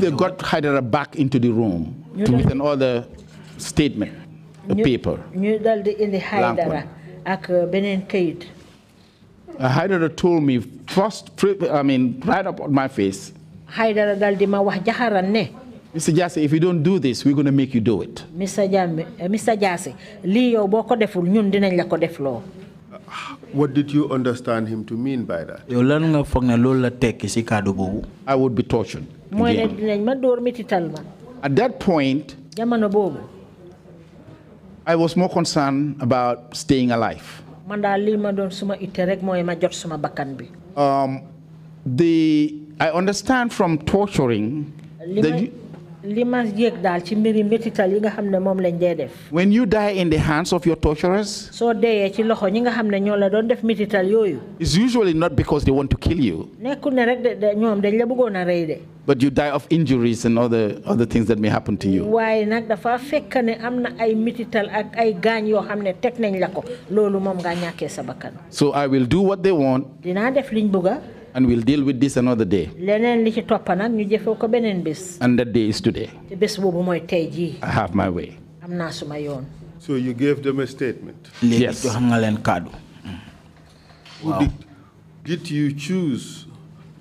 they got Hydra back into the room to, with another statement, a paper. Uh, Hydra uh, told me first, I mean, right up on my face. Mr. Jase, if you don't do this, we're going to make you do it. Mr. Jase, li yow boko deful ñun dinañ la ko deflo. What did you understand him to mean by that? I would be tortured. At that point, I was more concerned about staying alive. the, I understand from torturing. When you die in the hands of your torturers, it's usually not because they want to kill you. But you die of injuries and other, other things that may happen to you. So I will do what they want and we'll deal with this another day. and that day is today. I have my way. am naa my own. so you gave them a statement. yes jox did, did you choose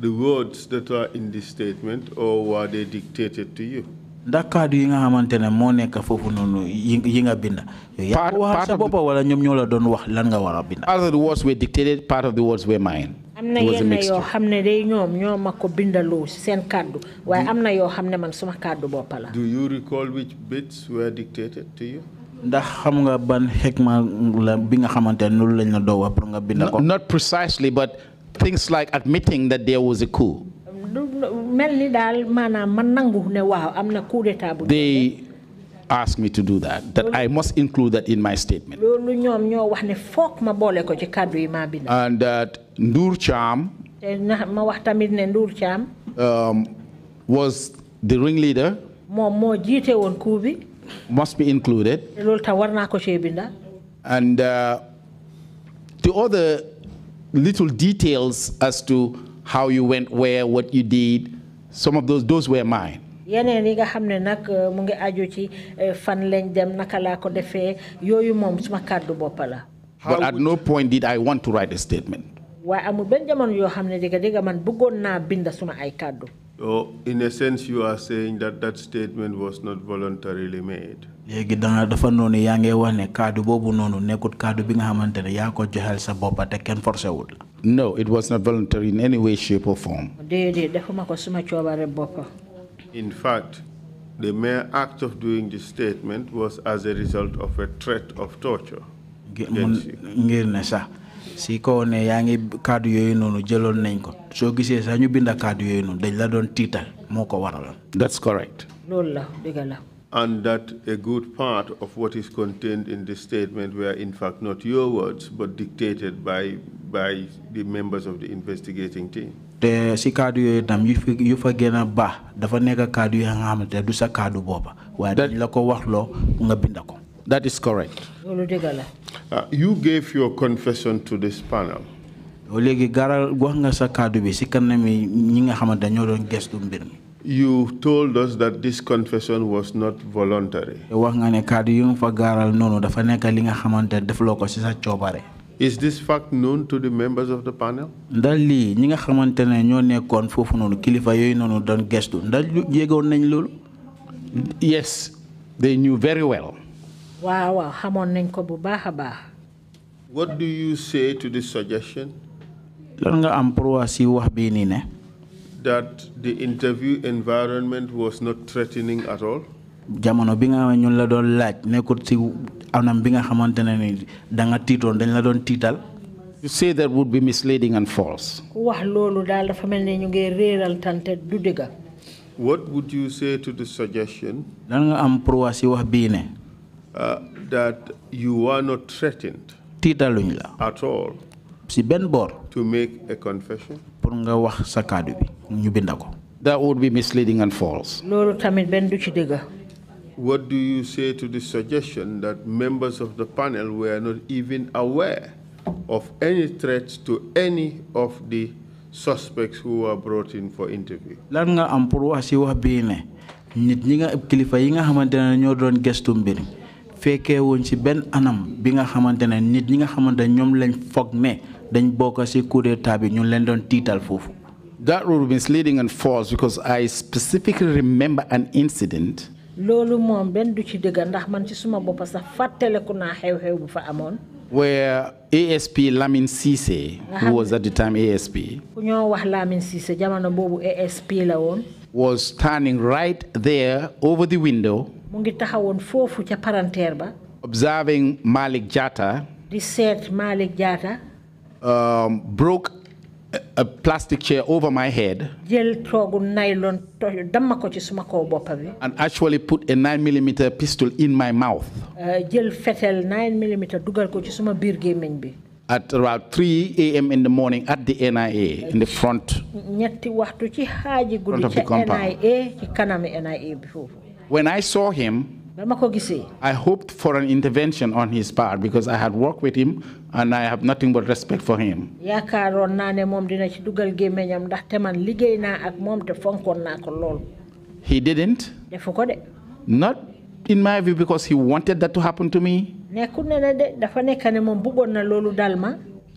the words that are in this statement or were they dictated to you? part part of the part of the words were dictated part of the words were mine. am na yenn yoo xam ne day ñoom ñoo ma ko bindaloo ci seen kàddu waaye mm. am na yoo xam ne man suma kàddu bopp la. do you recall which bits were ndax xam nga ban xikma la bi nga xamante ne loolu lañ la doowa nga bind ko. not precisely but things like admitting that there was a coup. mel ni daal maanaam man nangu ne waaw am na coup d'état bu. they asked me to do that that I must include that in my statement. loolu ñoom ñoo wax ne foog ma boole ko ci kàddu yi maa bind. Ndur Cham. Eh, ma Cham. Um, was the ringleader. must be included. and uh, the other little details as to how you went where, what you did, some of those those were mine. yeneen yi nga xam ne nag uh, mu ngi aju ci eh, fan lañ dem naka laa ko defee yooyu moom suma kàddu bopp la. but at no point did I want to write a statement man bind suma ay oh in a sense you are saying that that statement was not voluntarily made. léegi danga dafa noonu yaa ngi wax ne kàddu boobu noonu nekkut kàddu bi nga xamante ne yaa ko sa bopp te kenn forcé wul. no it was not voluntary in any way shape or form. déedéet defuma ko suma coobare bopp. in fact. The mere act of doing this statement was as a result of a threat of torture against you si kaw ne yaa ngi kàddu yooyu noonu jëloon nañ ko soo gisee sax ñu bind kàddu yooyu noonu dañ la doon tiital moo ko that's correct. loolu la dëgg and that a good part of what is contained in this statement were in fact not your words but dictated by by the members of the investigating team. te si kaddu yooyu tam yu fa yu fa gën a dafa nekk kaddu yi nga xamante du sa kaddu booba waaye dañ la ko wax loo nga binda ko. that is correct. loolu dëgg uh, you gave your confession to this panel. You told us that this confession was not voluntary. Is this fact known to the members of the panel? yes they knew very well. Wow, hamon xamoon nañ ko bu baax baax. what do you say to this suggestion. lan nga am pour wax si wax bi ni ne. that the interview environment was not threatening at all. jamono bi nga ñun la doon laaj nekkut si anam bi nga xamantene ni da nga tiitoon dañ la doon tital. You say that would be misleading and false. What would you say to the suggestion? uh, that you are not threatened at all si to make a confession pour nga wax sa bi ñu ko that would be misleading and false tamit du ci what do you say to the suggestion that members of the panel were not even aware of any threats to any of the suspects who were brought in for interview? lan nga am pour wax ci wax ne nit ñi nga kilifa yi nga ñoo doon fekkee wuñ ci benn anam bi nga xamante ne nit ñi nga xamante ne ñoom lañ foog ne dañ bokk ci coup d'état bi ñu leen doon tiital foofu. That rule misleading and false because I specifically remember an incident. loolu moom benn du ci dëgg ndax man ci suma bopp sax fàttaleku naa xew-xew bu fa amoon. where ASP Lamine Cisse, who was at the time ASP, was standing right there over the window mu ngi taxawoon foofu ca ba. observing Malik Jatta. di seet Malik Jatta. Um, broke a, a plastic chair over my head. jël toogu nylon dama ko ci suma kaw boppa bi. and actually put a nine millimeter pistol in my mouth. Uh, jël fetel nine millimeter dugal ko ci suma biir gémmiñ bi. at around 3 a.m. in the morning at the NIA in the front. ñetti waxtu ci xaaji guddi. front of the compound NIA ci NIA bi when I saw him, I hoped for an intervention on his part because I had worked with him and I have nothing but respect for him. He didn't. Not in my view because he wanted that to happen to me.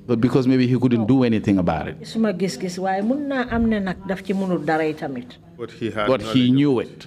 But because maybe he couldn't do anything about it. But he, but he knew it.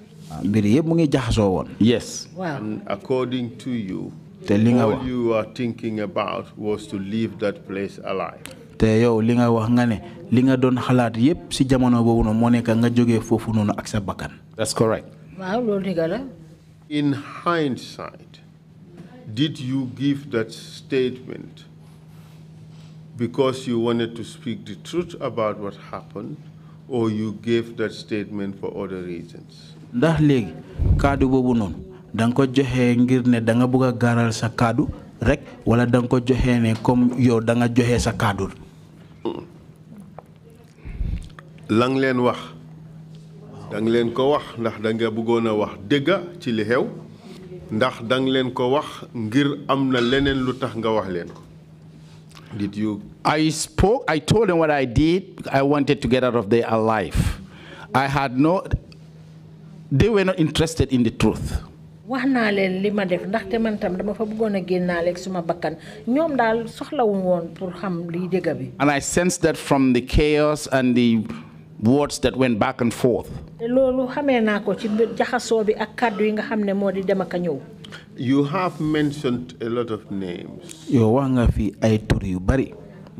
yes. waaw and according to you. all you are thinking about was to leave that place alive. te yow li nga wax nga ne li nga doon xalaat yëpp si jamono boobu noonu moo nekk nga jógee foofu noonu ak sa bakkan. that's correct. waaw loolu dëgg la. in hindsight did you give that statement because you wanted to speak the truth about what happened or you gave that statement for other reasons. ndax léegi kaddu boobu noonu danga ko joxe ngir ne danga nga bëgg a sa kaddu rekk wala danga ko joxe ne comme yow danga joxe joxee sa kaddu. lang leen wax dang leen ko wax ndax da nga bëggoon a wax dëgga ci li xew ndax dang leen ko wax ngir am na leneen lu tax nga wax leen ko. Did you? I spoke. I told them what I did. I wanted to get out of there alive. I had no. they were not interested in the truth. And I sensed that from the chaos and the words that went back and forth. You have mentioned a lot of names.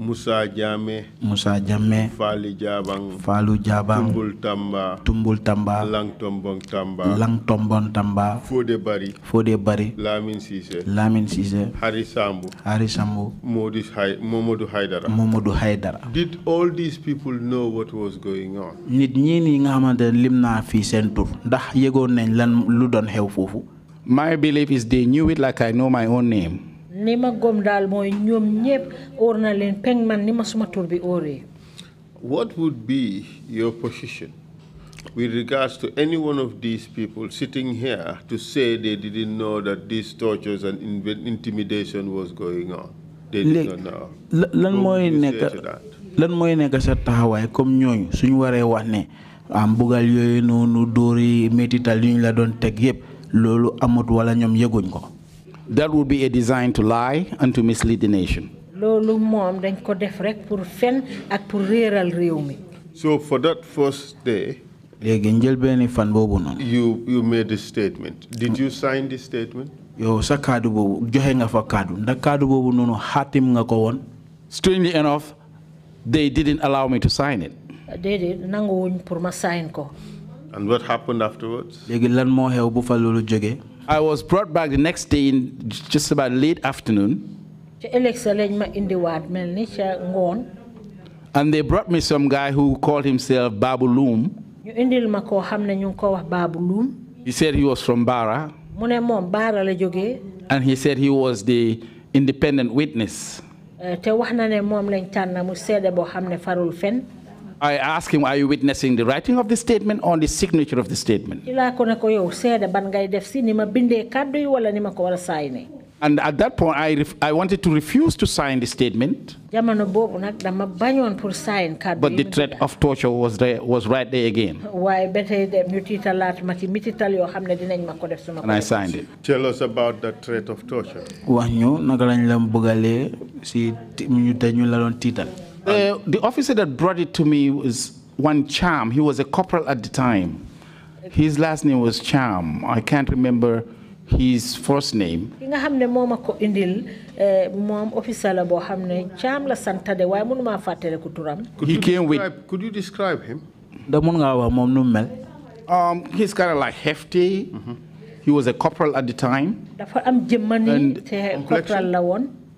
Musa Jame. Musa Jame. Fali Jabang. Falu Jabang. Tumbul Tamba. Tumbul Tamba. Lang Tombong Tamba. Lang Tombong Tamba. Fode Bari. Fode Bari. Lamin Sise. Lamin Sise. Hari Sambu. Hari Sambu. Modis Hai Momodu Haidara. Momodu Haidara. Did all these people know what was going on? Nit ñi ni nga xamantene lim fi sen tour ndax yegon lan lu doon xew My belief is they knew it like I know my own name gom na peng man suma bi What would be your position with regards to any one of these people sitting here to say they didn't know that these tortures and intimidation was going on? They did not know. lan mooy nekk lan mooy nekk sa taxawaay comme ñooñu suñu waree wax ne am ah, bugal yooyu noonu dóor yi métital ñu la doon yëpp amut wala yëguñ ko. That would be a design to lie and to mislead the nation. So for that first day, you, you made a statement. Did you sign this statement? yow sa kaddu boobu joxe fa kaddu ndax kaddu boobu noonu xaatim nga ko woon. strangely enough they didn't allow me to sign it. and what happened afterwards. I was brought back the next day in just about late afternoon. And they brought me some guy who called himself Babuloom. He said he was from Bara. And he said he was the independent witness. Eh, I asked him, are you witnessing the writing of the statement or the signature of the statement? And at that point, I, I wanted to refuse to sign the statement. But the threat of torture was, there, was right there again. And I signed it. Tell us about the threat of torture. The, the officer that brought it to me was one Cham. He was a corporal at the time. His last name was Cham. I can't remember his first name. nga ko indil eh, officer la Cham la santade turam. he came with. could you describe him. da mun mel. um, he's kind of like hefty. Mm-hmm. He was a corporal at the time.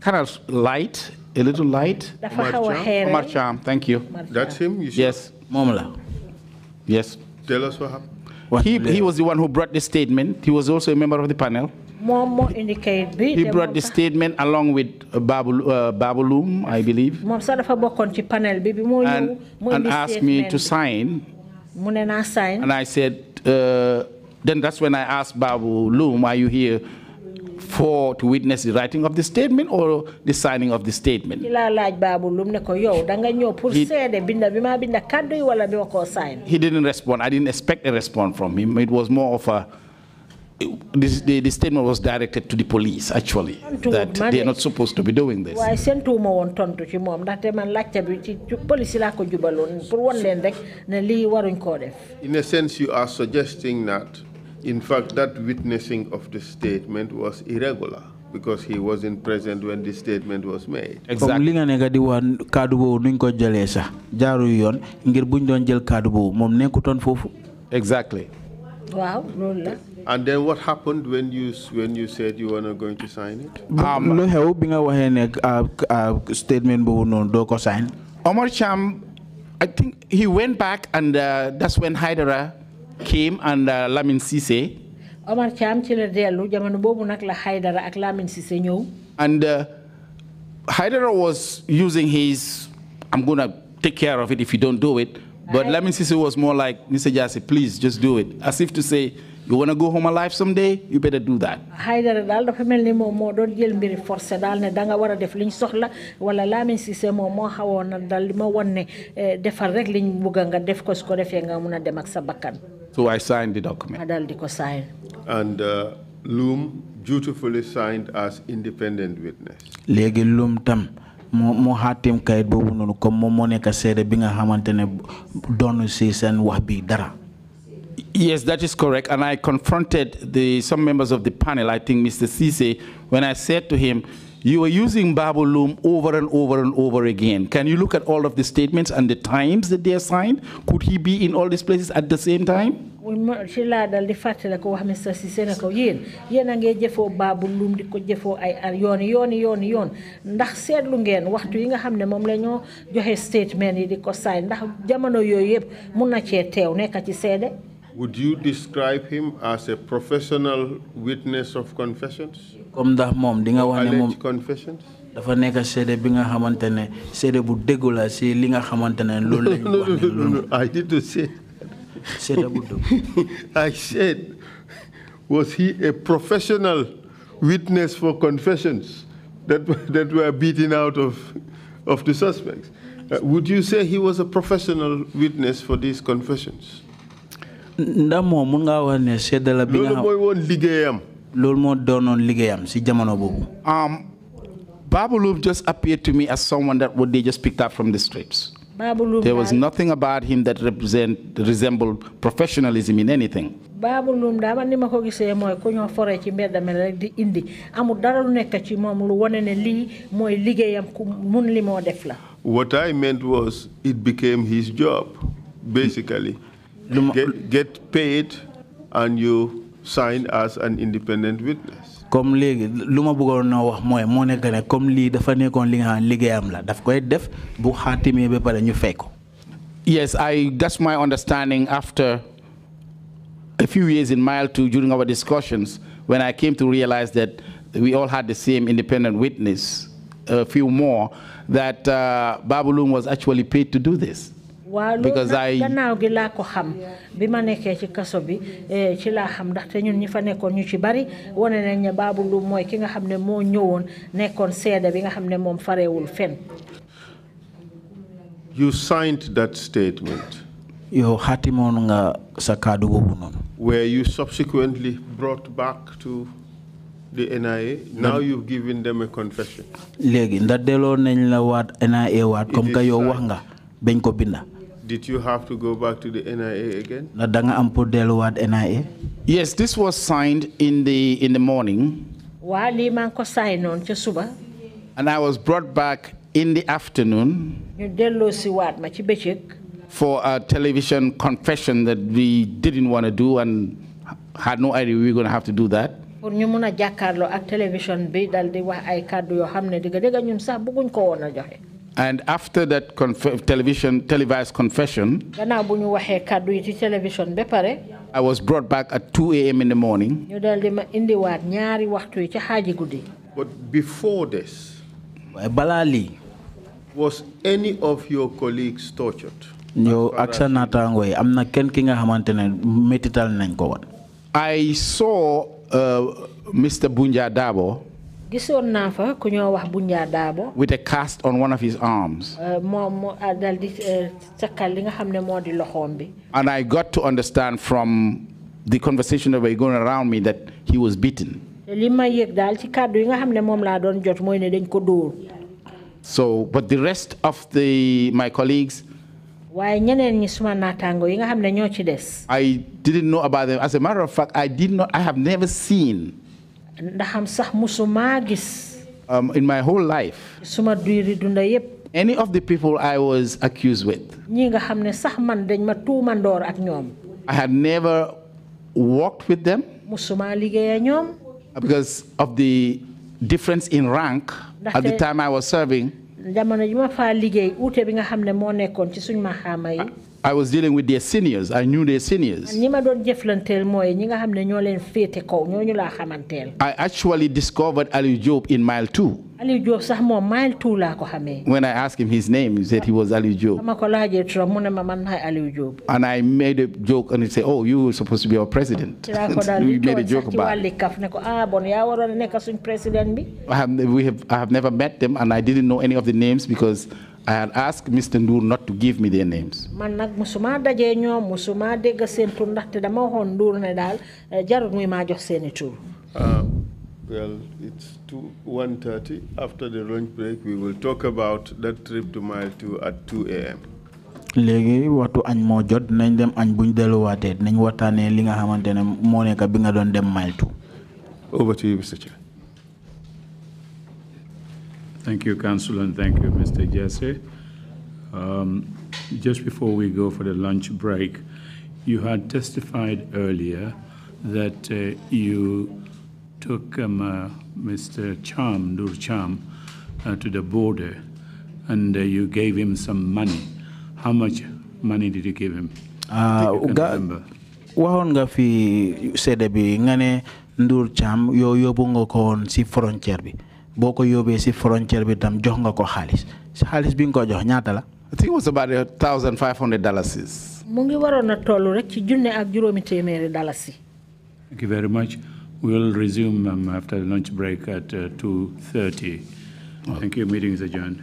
kind of light a little light. dafa Omar Cham thank you. That's him? You yes. Momla. yes. tell us what happened. He, he was the one who brought the statement. He was also a member of the panel. moom moo indicate He brought the statement along with uh, uh, I believe. moom panel and asked me to sign. mu And I said, uh, then that's when I asked Babulum, are you here? for to witness the writing of the statement or the signing of the statement. He, he didn't respond. I didn't expect a response from him. It was more of a this, the, the, statement was directed to the police actually that they are not supposed to be doing this. in a sense you are suggesting that. In fact, that witnessing of the statement was irregular because he wasn't present when the statement was made. Exactly. li nga nekk di wax kaddu boobu nuñ ko jëlee sax jaaru yoon ngir buñ doon jël kaddu boobu moom nekkutoon foofu. Exactly. Wow. And then what happened when you when you said you were not going to sign it? Um, lu xew bi nga waxee ne ah, ah, statement boobu noonu doo ko sign. Omar Cham, I think he went back and uh, that's when Hydera came and uh, Lamin Sise. Omar Cham ci la delu jamono bobu Nakla la Haidara ak Lamin Sise ñew. And uh, Haidara was using his I'm going to take care of it if you don't do it. But Lamin Sise was more like Mr. Jassy, please just do it. As if to say you want to go home alive someday you better do that dal dafa melni mom mo jël mbiri dal ne da nga wara def liñ soxla wala mom mo xawona dal wonne eh, defal rek liñ bëgg nga def ko ko defé nga mëna dem ak sa bakkan so i signed the document dal sign and uh, loom dutifully signed as independent witness legi loom tam mo hatim kayit bobu nonu comme mom mo nek sédé bi nga xamantene donu ci sen wax bi dara Yes, that is correct. And I confronted the, some members of the panel, I think Mr. Cisse, when I said to him, you were using Babel Loom over and over and over again. Can you look at all of the statements and the times that they are signed? Could he be in all these places at the same time? ci laa dal di fàttale ko wax Mr Cissé na ko yéen yéen a ngee jëfoo baabu lum di ko jëfoo ay ay yooni yooni yooni yoon ndax seetlu ngeen waxtu yi nga xam ne moom la ñoo joxe statement yi di ko saay ndax jamono yooyu yëpp mun na cee teew nekk ci seede would you describe him as a professional witness of confessions? Comme ndax mom di nga mom confessions? dafa nekk seede bi nga xamante ne seede bu déggu la si li nga xamante ne loolu la ñu wax ne loolu. I didn't say. Seede bu déggu. I said was he a professional witness for confessions that that were beaten out of of the suspects? Uh, would you say he was a professional witness for these confessions? ndax bi nga um, just appeared to me as someone that would they just picked up from the streets. there was nothing about him that represent resembled professionalism in anything. ni ñoo ci rek di indi dara lu nekk ci lu ne ku mun li def la. What I meant was it became his job basically. Get, get paid and you sign as an independent witness. comme léegi luma ma bëggoon na wax mooy moo nekk ne comme lii dafa nekkoon li nga xam liggéeyam la daf koy def bu xaatimee ba pare ñu fekk ko. yes I that's my understanding after a few years in Mile Two during our discussions when I came to realize that we all had the same independent witness a few more that uh, Babaloon was actually paid to do this. because I gannaaw gi laa ko xam bi ma nekkee ci kaso bi e, ci laa xam ndaxte ñun ñi fa nekkoon ñu ci bari wane nañ ne Babou Loum mooy ki nga xam ne moo ñëwoon nekkoon seede bi nga xam ne moom fareewul fenn. You signed that statement. yow hatimon nga sa kàddu boobu noonu. Were you subsequently brought back to the NIA? Now you've given them a confession. léegi ndax delloo nañ la waat NIA waat comme que yow wax nga bañ ko binda. Did you have to go back to the NIA again? Da nga am NIA? Yes, this was signed in the in the morning. Wa li man ko sign on ci suba. And I was brought back in the afternoon. Ñu delo si wat ma ci beccëk. For a television confession that we didn't want to do and had no idea we were going to have to do that. pour ñu mën a ak télévision bi dal di wax ay kàddu yoo xam ne dëgg ñun sax bëgguñ ko woon joxe. And after that television televised confession, I was brought back at 2 a.m. in the morning. But before this, was any of your colleagues tortured? I saw uh, Mr. Bunja Dabo with a cast on one of his arms. Euh, euh, euh, and I got to understand from the conversation that were going around me that he was beaten. so but the rest of the my colleagues. I didn't know about them. As a matter of fact, I did not. I have never seen ndaxam sax gis. Um, in my whole life. suma dunda any of the people I was accused with. I had never worked with them because of the difference in rank at the time I was serving. I was dealing with their seniors. I knew their seniors. I actually discovered Ali Job in mile two. When I asked him his name, he said he was Ali Job. And I made a joke and he said, Oh, you were supposed to be our president. we made a joke about ah, I have, we have, I have never met them and I didn't know any of the names because I had asked Mr. Ndour not to give me their names. man nak musuma dajee ñoom musuma dégg seen tur ndaxte dama waxoon Ndour ne daal eh, jarul muy maa jox seeni tur. Um, well, it's two, 1.30. After the lunch break, we will talk about that trip to mile 2 at 2 a.m. Legi watu añ moo jot nañ dem añ buñ delluwaatee nañ waxtaanee li nga xamante ne moo nekk bi nga doon dem mile 2. Over to you, Mr. Chair. Thank you, Council, and thank you, Mr. Jesse. Um, just before we go for the lunch break, you had testified earlier that uh, you took um, uh, Mr. Cham, Dur Cham, uh, to the border and uh, you gave him some money. How much money did you give him? Uh, waxoon nga fi seede Cham yow yóbbu nga ko si frontière bi Boko Yobe yóbbee frontière bi tam jox nga ko xaalis si xaalis bi nga ko jox ñaata la. I think it was about a thousand five hundred dollars. ngi rek ci ak juróomi Thank you very much. We'll resume um, after the lunch break at uh, 2.30. Thank you. Meeting is adjourned.